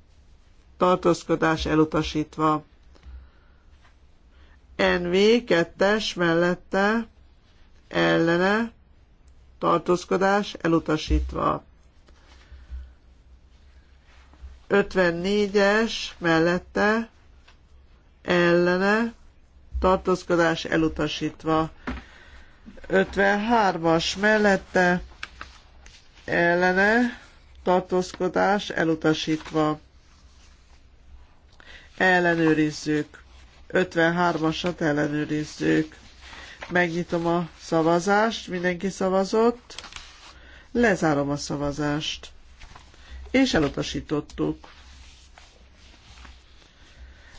tartózkodás elutasítva. NV kettes mellette ellene tartózkodás elutasítva. 54-es mellette ellene tartózkodás elutasítva. 53-as mellette ellene tartózkodás elutasítva. Ellenőrizzük. 53-asat ellenőrizzük. Megnyitom a szavazást, mindenki szavazott. Lezárom a szavazást és elutasítottuk.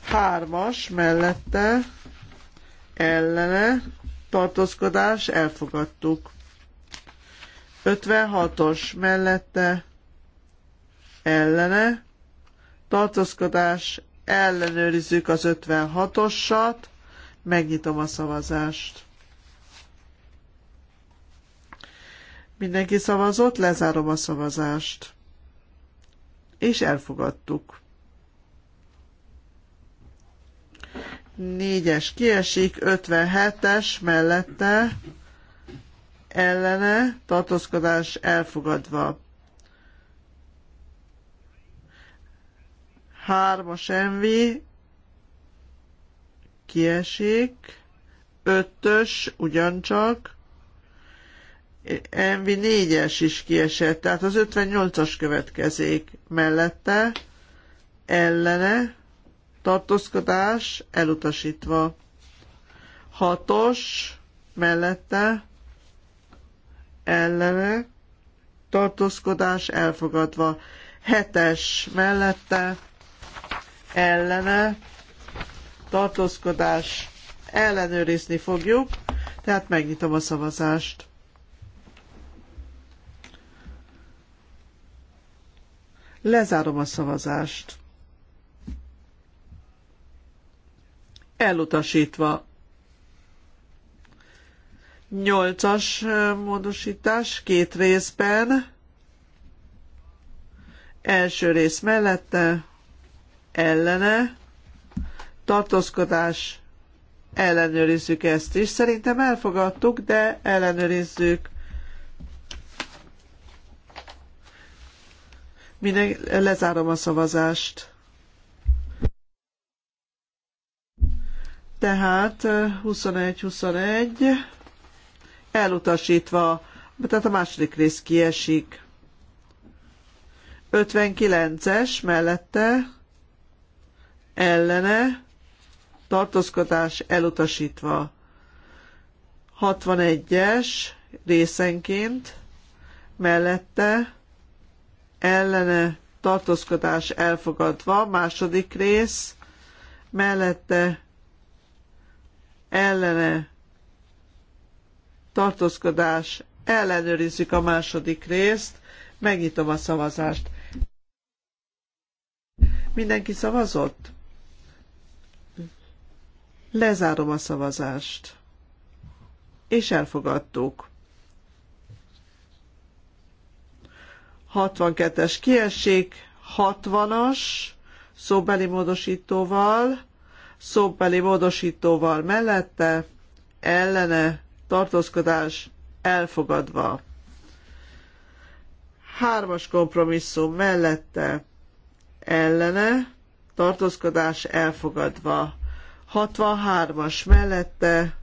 Hármas mellette ellene tartózkodás elfogadtuk. 56-os mellette ellene tartózkodás ellenőrizzük az 56-ossat, megnyitom a szavazást. Mindenki szavazott, lezárom a szavazást és elfogadtuk. Négyes kiesik, 57-es mellette ellene tartózkodás elfogadva. Hármas envi kiesik, ötös ugyancsak, MV4-es is kiesett, tehát az 58-as következék mellette, ellene, tartózkodás elutasítva. 6-os mellette, ellene, tartózkodás elfogadva. 7-es mellette, ellene, tartózkodás ellenőrizni fogjuk, tehát megnyitom a szavazást. Lezárom a szavazást. Elutasítva. Nyolcas módosítás két részben. Első rész mellette, ellene, tartózkodás, ellenőrizzük ezt is. Szerintem elfogadtuk, de ellenőrizzük. Minden, lezárom a szavazást. Tehát 21-21 elutasítva, tehát a második rész kiesik. 59-es mellette ellene tartózkodás elutasítva. 61-es részenként mellette ellene tartózkodás elfogadva, második rész, mellette ellene tartózkodás, ellenőrizzük a második részt, megnyitom a szavazást. Mindenki szavazott? Lezárom a szavazást. És elfogadtuk. 62-es kiesik, 60-as szóbeli módosítóval, szóbeli módosítóval mellette, ellene tartózkodás elfogadva. Hármas kompromisszum mellette, ellene tartózkodás elfogadva. 63-as mellette,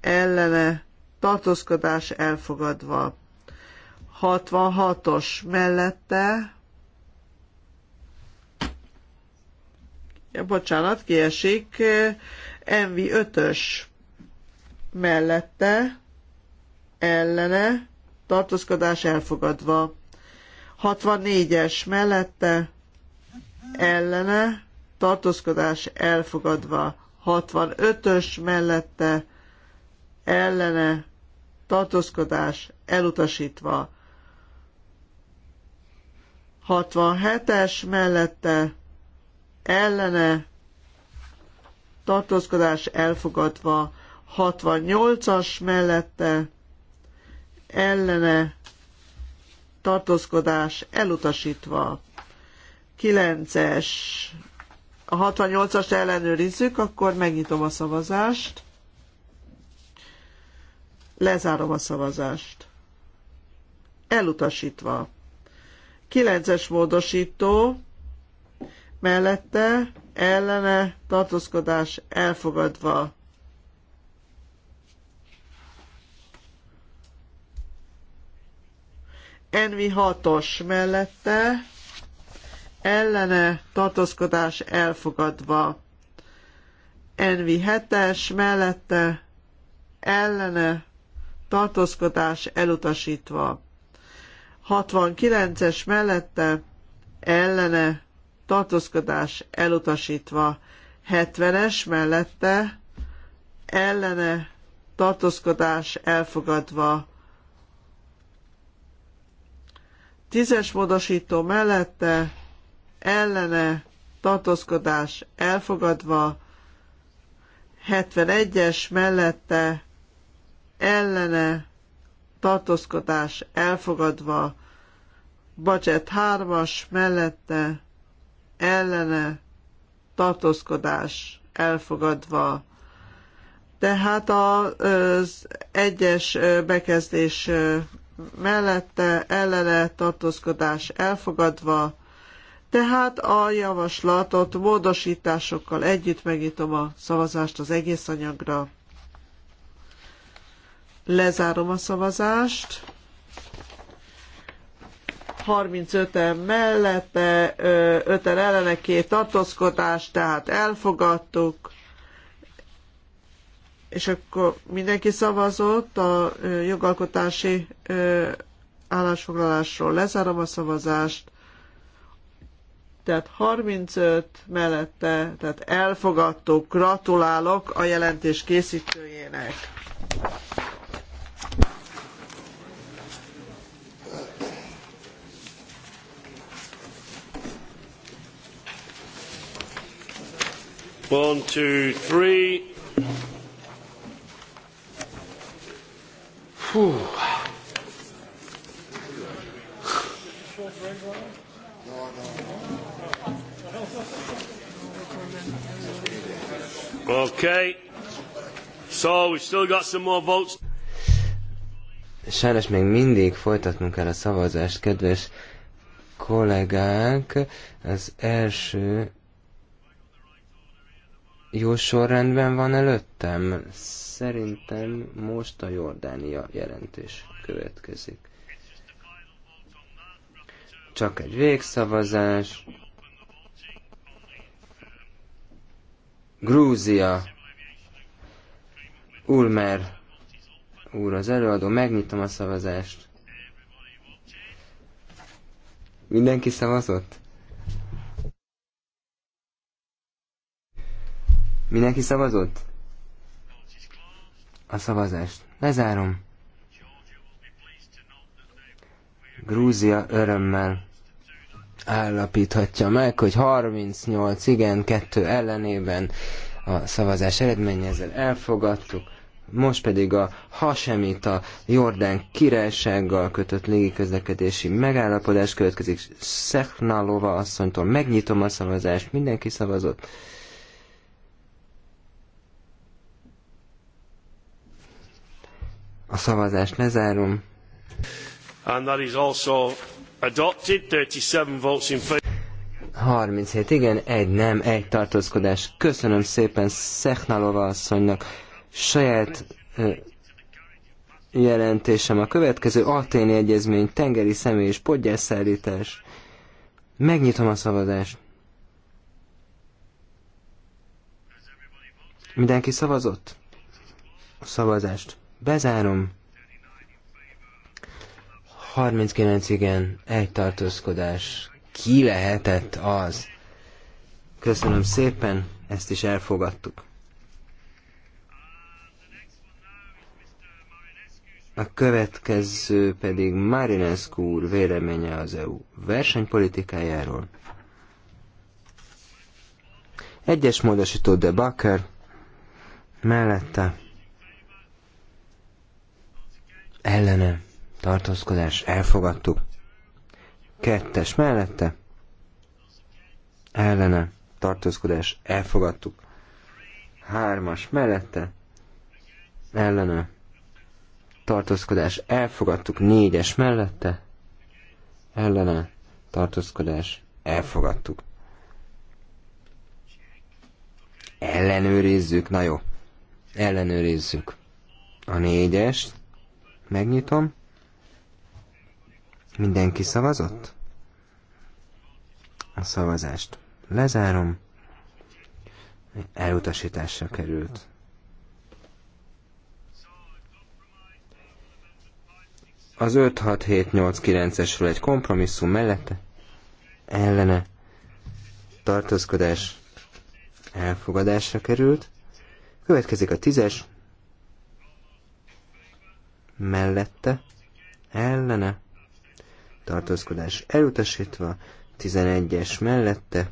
ellene tartózkodás elfogadva. 66-os mellette, ja, bocsánat, kiesik, Envi 5-ös mellette, ellene, tartózkodás elfogadva. 64-es mellette, ellene, tartózkodás elfogadva. 65-ös mellette, ellene, tartózkodás elutasítva. 67-es mellette ellene tartózkodás elfogadva, 68-as mellette ellene tartózkodás elutasítva, 9-es, a 68-ast ellenőrizzük, akkor megnyitom a szavazást, lezárom a szavazást, elutasítva. 9-es módosító mellette ellene tartózkodás elfogadva. Envi 6-os mellette ellene tartózkodás elfogadva. Envi 7-es mellette ellene tartózkodás elutasítva. 69-es mellette ellene tartózkodás elutasítva, 70-es mellette ellene tartózkodás elfogadva, 10-es módosító mellette ellene tartózkodás elfogadva, 71-es mellette ellene tartózkodás elfogadva, Bacset hármas mellette ellene tartózkodás elfogadva. Tehát az egyes bekezdés mellette ellene tartózkodás elfogadva, tehát a javaslatot módosításokkal együtt megnyitom a szavazást az egész anyagra. Lezárom a szavazást. 35-en mellette, 5-en ellene, két tartózkodás, tehát elfogadtuk. És akkor mindenki szavazott a jogalkotási állásfoglalásról. Lezárom a szavazást. Tehát 35 mellette, tehát elfogadtuk. Gratulálok a jelentés készítőjének. One, two, three. Whew. Okay. So we still got some more votes. Sajnos még mindig folytatnunk kell a szavazást, kedves kollégák. Az első jó sorrendben van előttem? Szerintem most a Jordánia jelentés következik. Csak egy végszavazás. Grúzia. Ulmer úr az előadó. Megnyitom a szavazást. Mindenki szavazott? Mindenki szavazott? A szavazást. Lezárom. Grúzia örömmel állapíthatja meg, hogy 38 igen, 2 ellenében a szavazás eredménye ezzel elfogadtuk. Most pedig a Hasemita Jordán királysággal kötött légiközlekedési megállapodás következik. Szechnalova asszonytól megnyitom a szavazást, mindenki szavazott. A szavazást lezárom. And that is also adopted, 37 votes in favor. 37, igen, egy nem, egy tartózkodás. Köszönöm szépen Szechnalova asszonynak. Saját ö, jelentésem a következő Aténi Egyezmény, tengeri személy és podgyászállítás. Megnyitom a szavazást. Mindenki szavazott? A szavazást. Bezárom. 39 igen, egy tartózkodás. Ki lehetett az? Köszönöm szépen, ezt is elfogadtuk. A következő pedig Marinescu úr véleménye az EU versenypolitikájáról. Egyes módosító de Bakker mellette ellene tartózkodás elfogadtuk. Kettes mellette ellene tartózkodás elfogadtuk. Hármas mellette ellene tartózkodás elfogadtuk. Négyes mellette ellene tartózkodás elfogadtuk. Ellenőrizzük, na jó, ellenőrizzük a négyest, Megnyitom. Mindenki szavazott? A szavazást lezárom. Elutasításra került. Az 5, 6, 7, 8, 9-esről egy kompromisszum mellette, ellene, tartózkodás, elfogadásra került. Következik a 10-es mellette, ellene, tartózkodás elutasítva, 11-es mellette,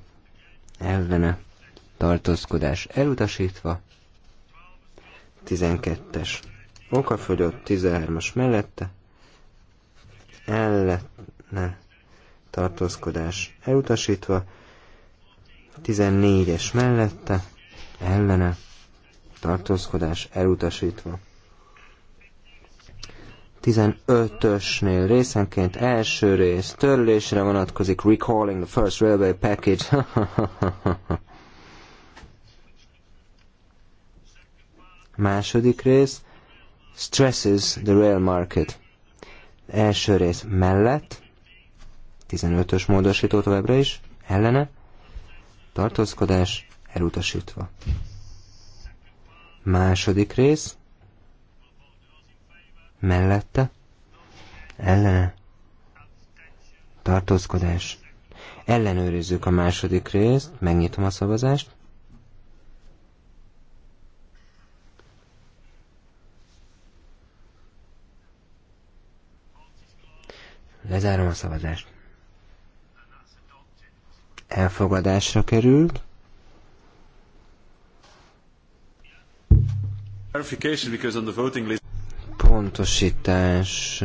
ellene, tartózkodás elutasítva, 12-es okafogyott, 13-as mellette, ellene, tartózkodás elutasítva, 14-es mellette, ellene, tartózkodás elutasítva. 15-ösnél részenként első rész törlésre vonatkozik, recalling the first railway package. (laughs) Második rész, stresses the rail market. Első rész mellett, 15-ös módosító továbbra is, ellene, tartózkodás elutasítva. Második rész, mellette, ellene, tartózkodás. Ellenőrizzük a második részt, megnyitom a szavazást. Lezárom a szavazást. Elfogadásra került. because on the voting list foganatosítás.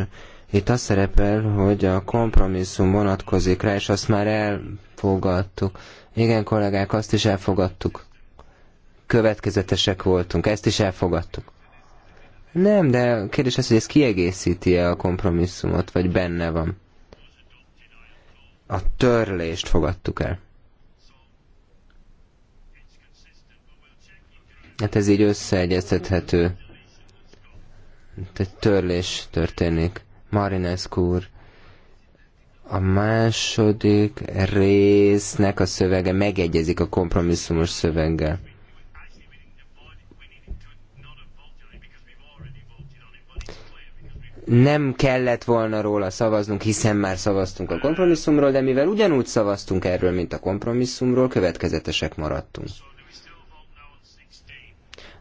Itt az szerepel, hogy a kompromisszum vonatkozik rá, és azt már elfogadtuk. Igen, kollégák, azt is elfogadtuk. Következetesek voltunk, ezt is elfogadtuk. Nem, de kérdés az, hogy ez kiegészíti-e a kompromisszumot, vagy benne van. A törlést fogadtuk el. Hát ez így összeegyeztethető egy törlés történik. Marinescu úr, a második résznek a szövege megegyezik a kompromisszumos szöveggel. nem kellett volna róla szavaznunk, hiszen már szavaztunk a kompromisszumról, de mivel ugyanúgy szavaztunk erről, mint a kompromisszumról, következetesek maradtunk.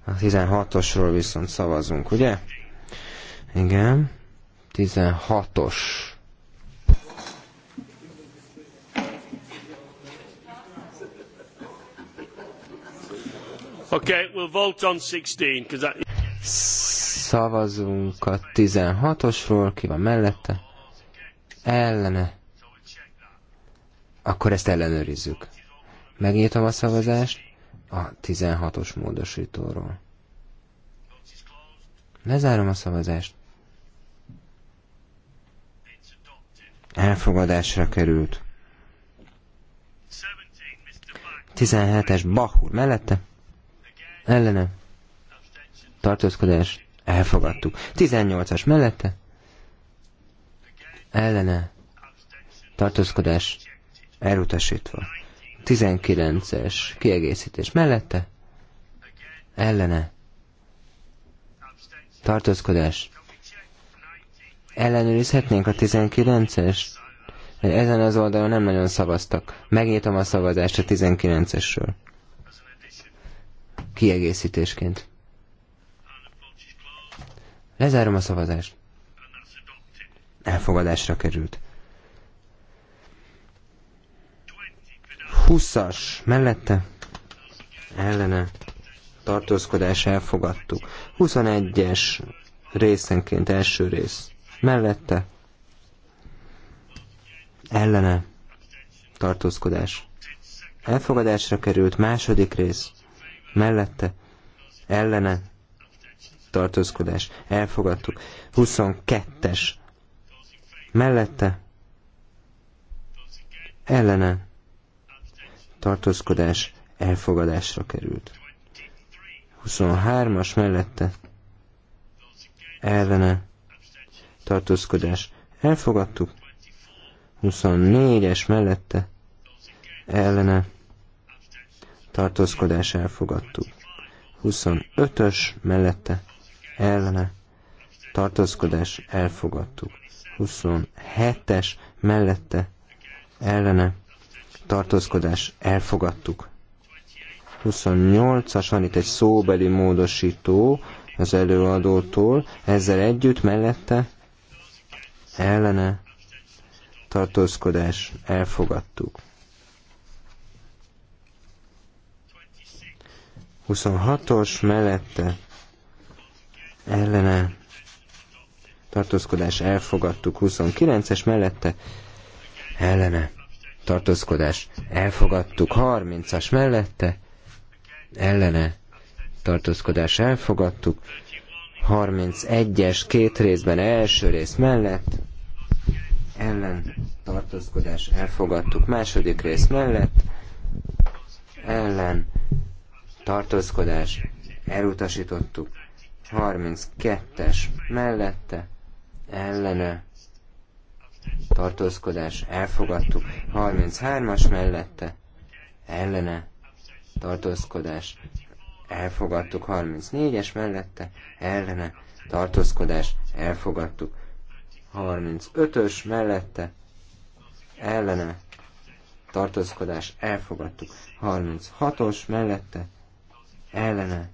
A 16-osról viszont szavazunk, ugye? Igen. 16-os. Okay, we'll vote on 16, that... Szavazunk a 16-osról, ki van mellette? Ellene. Akkor ezt ellenőrizzük. Megnyitom a szavazást a 16-os módosítóról. Lezárom a szavazást. elfogadásra került. 17-es Bach úr mellette, ellene, tartózkodás, elfogadtuk. 18-as mellette, ellene, tartózkodás, elutasítva. 19-es kiegészítés mellette, ellene, tartózkodás, Ellenőrizhetnénk a 19-es? Ezen az oldalon nem nagyon szavaztak. Megnyitom a szavazást a 19-esről. Kiegészítésként. Lezárom a szavazást. Elfogadásra került. 20-as mellette ellene tartózkodás elfogadtuk. 21-es részenként első rész mellette ellene tartózkodás. Elfogadásra került második rész, mellette ellene tartózkodás. Elfogadtuk. 22-es mellette ellene tartózkodás elfogadásra került. 23-as mellette ellene tartózkodás elfogadtuk. 24-es mellette ellene tartózkodás elfogadtuk. 25-ös mellette ellene tartózkodás elfogadtuk. 27-es mellette ellene tartózkodás elfogadtuk. 28-as van itt egy szóbeli módosító az előadótól, ezzel együtt mellette ellene tartózkodás elfogadtuk. 26-os mellette ellene tartózkodás elfogadtuk. 29-es mellette ellene tartózkodás elfogadtuk. 30-as mellette ellene tartózkodás elfogadtuk. 31-es két részben első rész mellett ellen tartózkodás elfogadtuk. Második rész mellett ellen tartózkodás elutasítottuk. 32-es mellette ellene tartózkodás elfogadtuk. 33-as mellette ellene tartózkodás elfogadtuk. 34-es mellette ellene tartózkodás elfogadtuk. 35-ös mellette ellene tartózkodás elfogadtuk. 36-os mellette ellene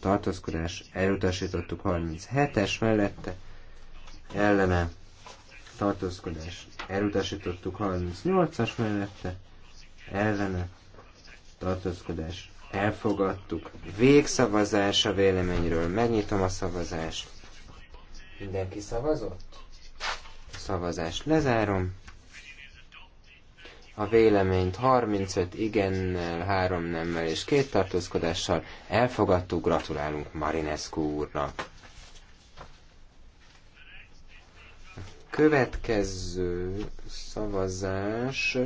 tartózkodás elutasítottuk. 37-es mellette ellene tartózkodás elutasítottuk. 38-as mellette ellene tartózkodás elfogadtuk. Végszavazás a véleményről. Megnyitom a szavazást. Mindenki szavazott? A szavazást lezárom. A véleményt 35 igennel, 3 nemmel és két tartózkodással elfogadtuk. Gratulálunk Marinescu úrnak. A következő szavazás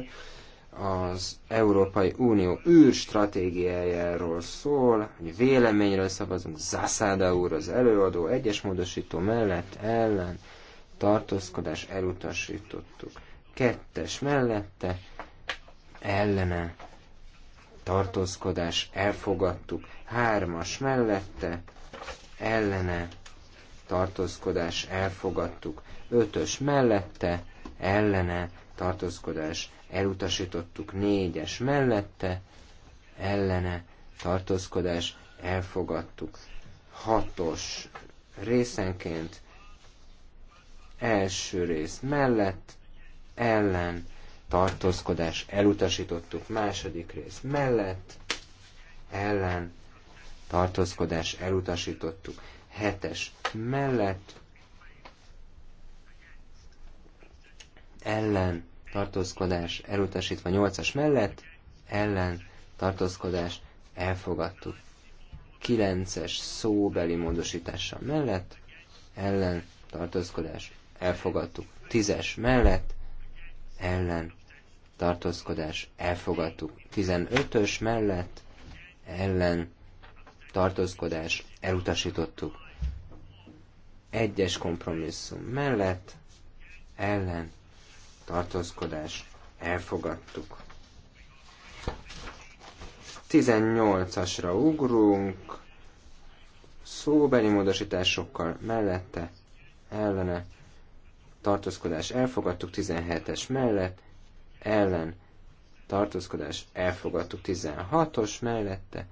az Európai Unió űrstratégiájáról szól, hogy véleményről szavazunk, Zászáda úr az előadó, egyes módosító mellett, ellen, tartózkodás elutasítottuk. Kettes mellette, ellene, tartózkodás elfogadtuk. Hármas mellette, ellene, tartózkodás elfogadtuk. Ötös mellette, ellene tartózkodás elutasítottuk négyes mellette, ellene tartózkodás elfogadtuk hatos részenként, első rész mellett, ellen tartózkodás elutasítottuk második rész mellett, ellen tartózkodás elutasítottuk hetes mellett, ellen tartózkodás elutasítva 8-as mellett, ellen tartózkodás elfogadtuk. 9-es szóbeli módosítása mellett, ellen tartózkodás elfogadtuk. 10-es mellett, ellen tartózkodás elfogadtuk. 15-ös mellett, ellen tartózkodás elutasítottuk. Egyes kompromisszum mellett, ellen tartózkodás elfogadtuk. 18-asra ugrunk, szóbeli módosításokkal mellette, ellene, tartózkodás elfogadtuk 17-es mellett, ellen, tartózkodás elfogadtuk 16-os mellette,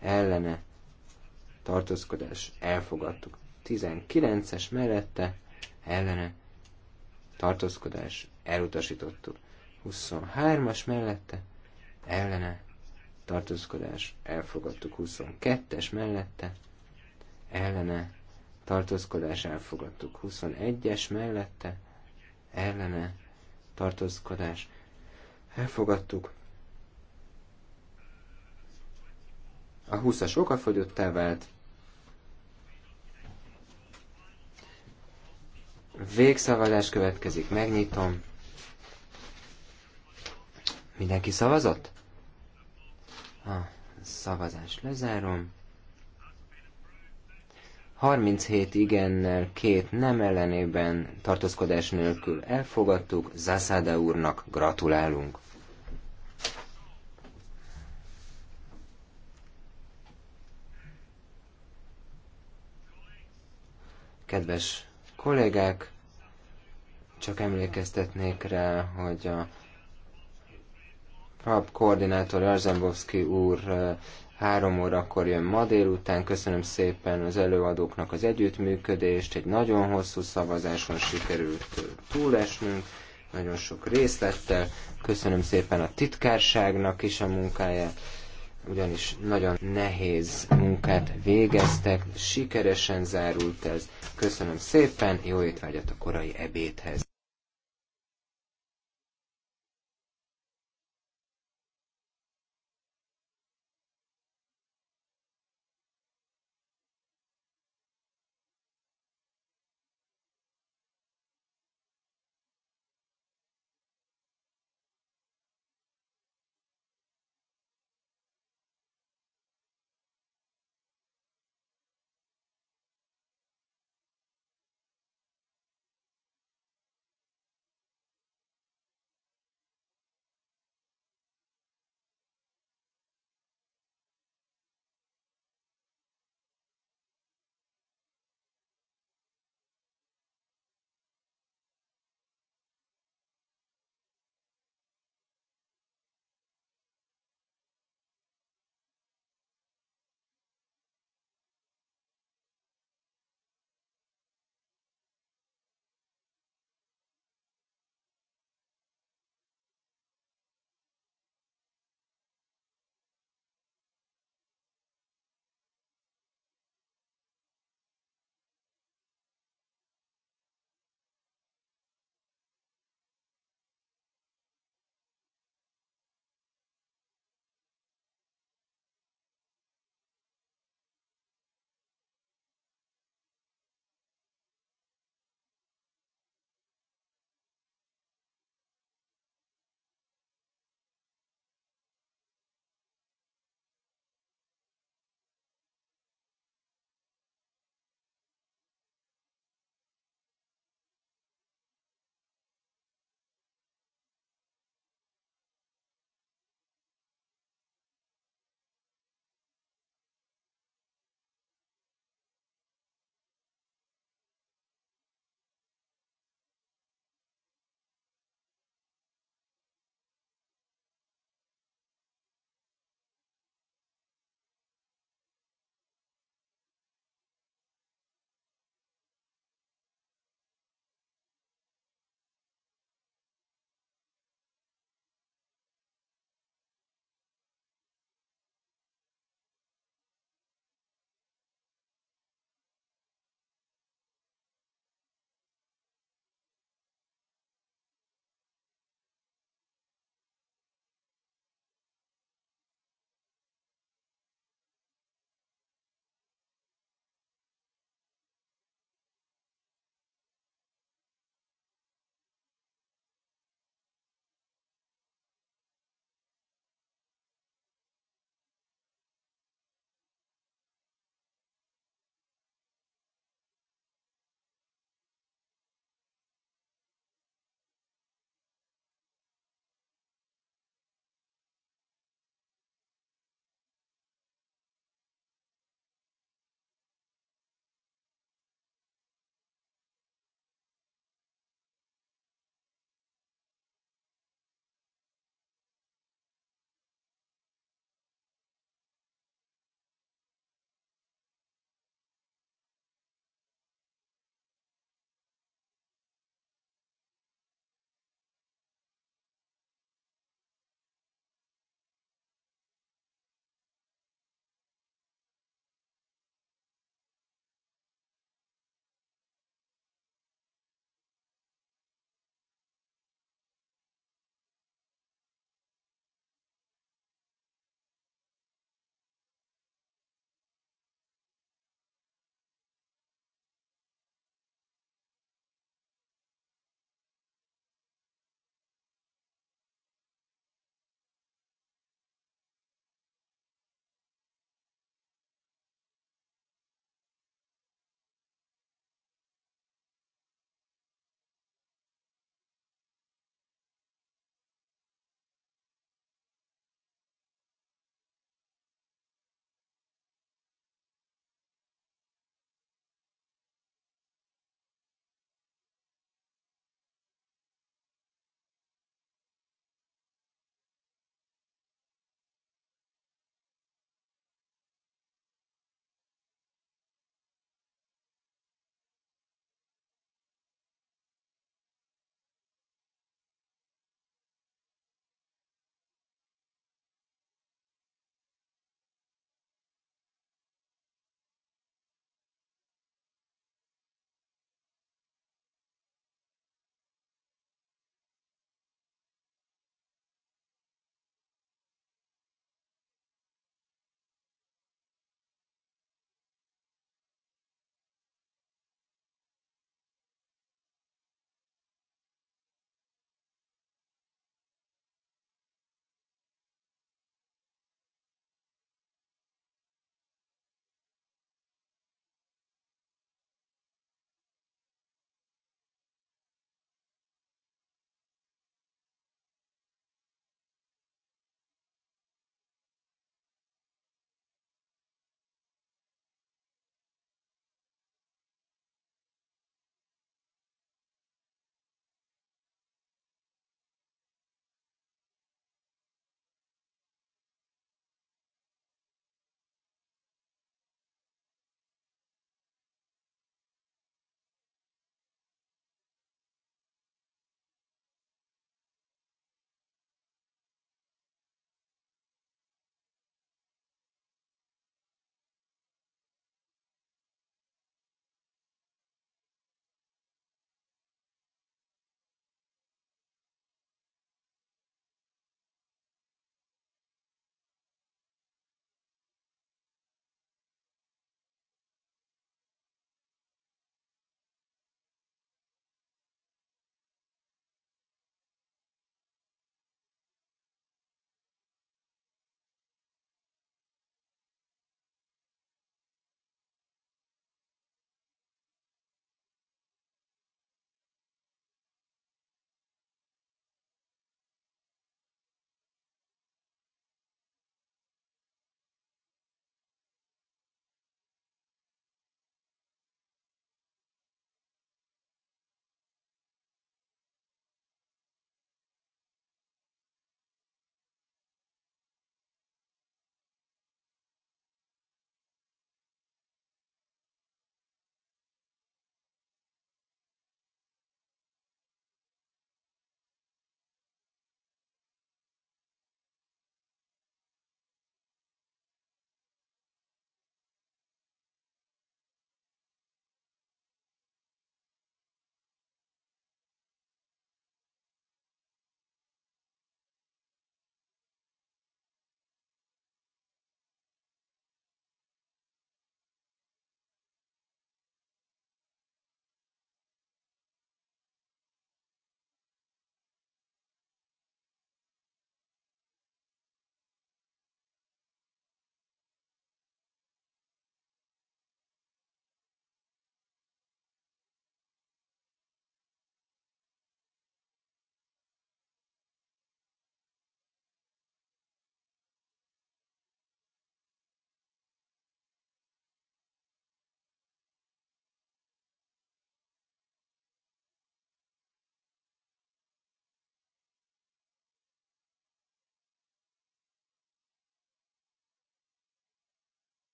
ellene, tartózkodás elfogadtuk 19-es mellette, ellene, tartózkodás elutasítottuk. 23-as mellette ellene tartózkodás elfogadtuk. 22-es mellette ellene tartózkodás elfogadtuk. 21-es mellette ellene tartózkodás elfogadtuk. A 20-as okafogyottá vált, Végszavazás következik, megnyitom. Mindenki szavazott? A szavazást lezárom. 37 igennel, két nem ellenében, tartózkodás nélkül elfogadtuk, Zászáda úrnak gratulálunk. Kedves kollégák, csak emlékeztetnék rá, hogy a PAP koordinátor Arzembowski úr eh, három órakor jön ma délután. Köszönöm szépen az előadóknak az együttműködést. Egy nagyon hosszú szavazáson sikerült eh, túlesnünk, nagyon sok részlettel. Köszönöm szépen a titkárságnak is a munkáját ugyanis nagyon nehéz munkát végeztek, sikeresen zárult ez. Köszönöm szépen, jó étvágyat a korai ebédhez!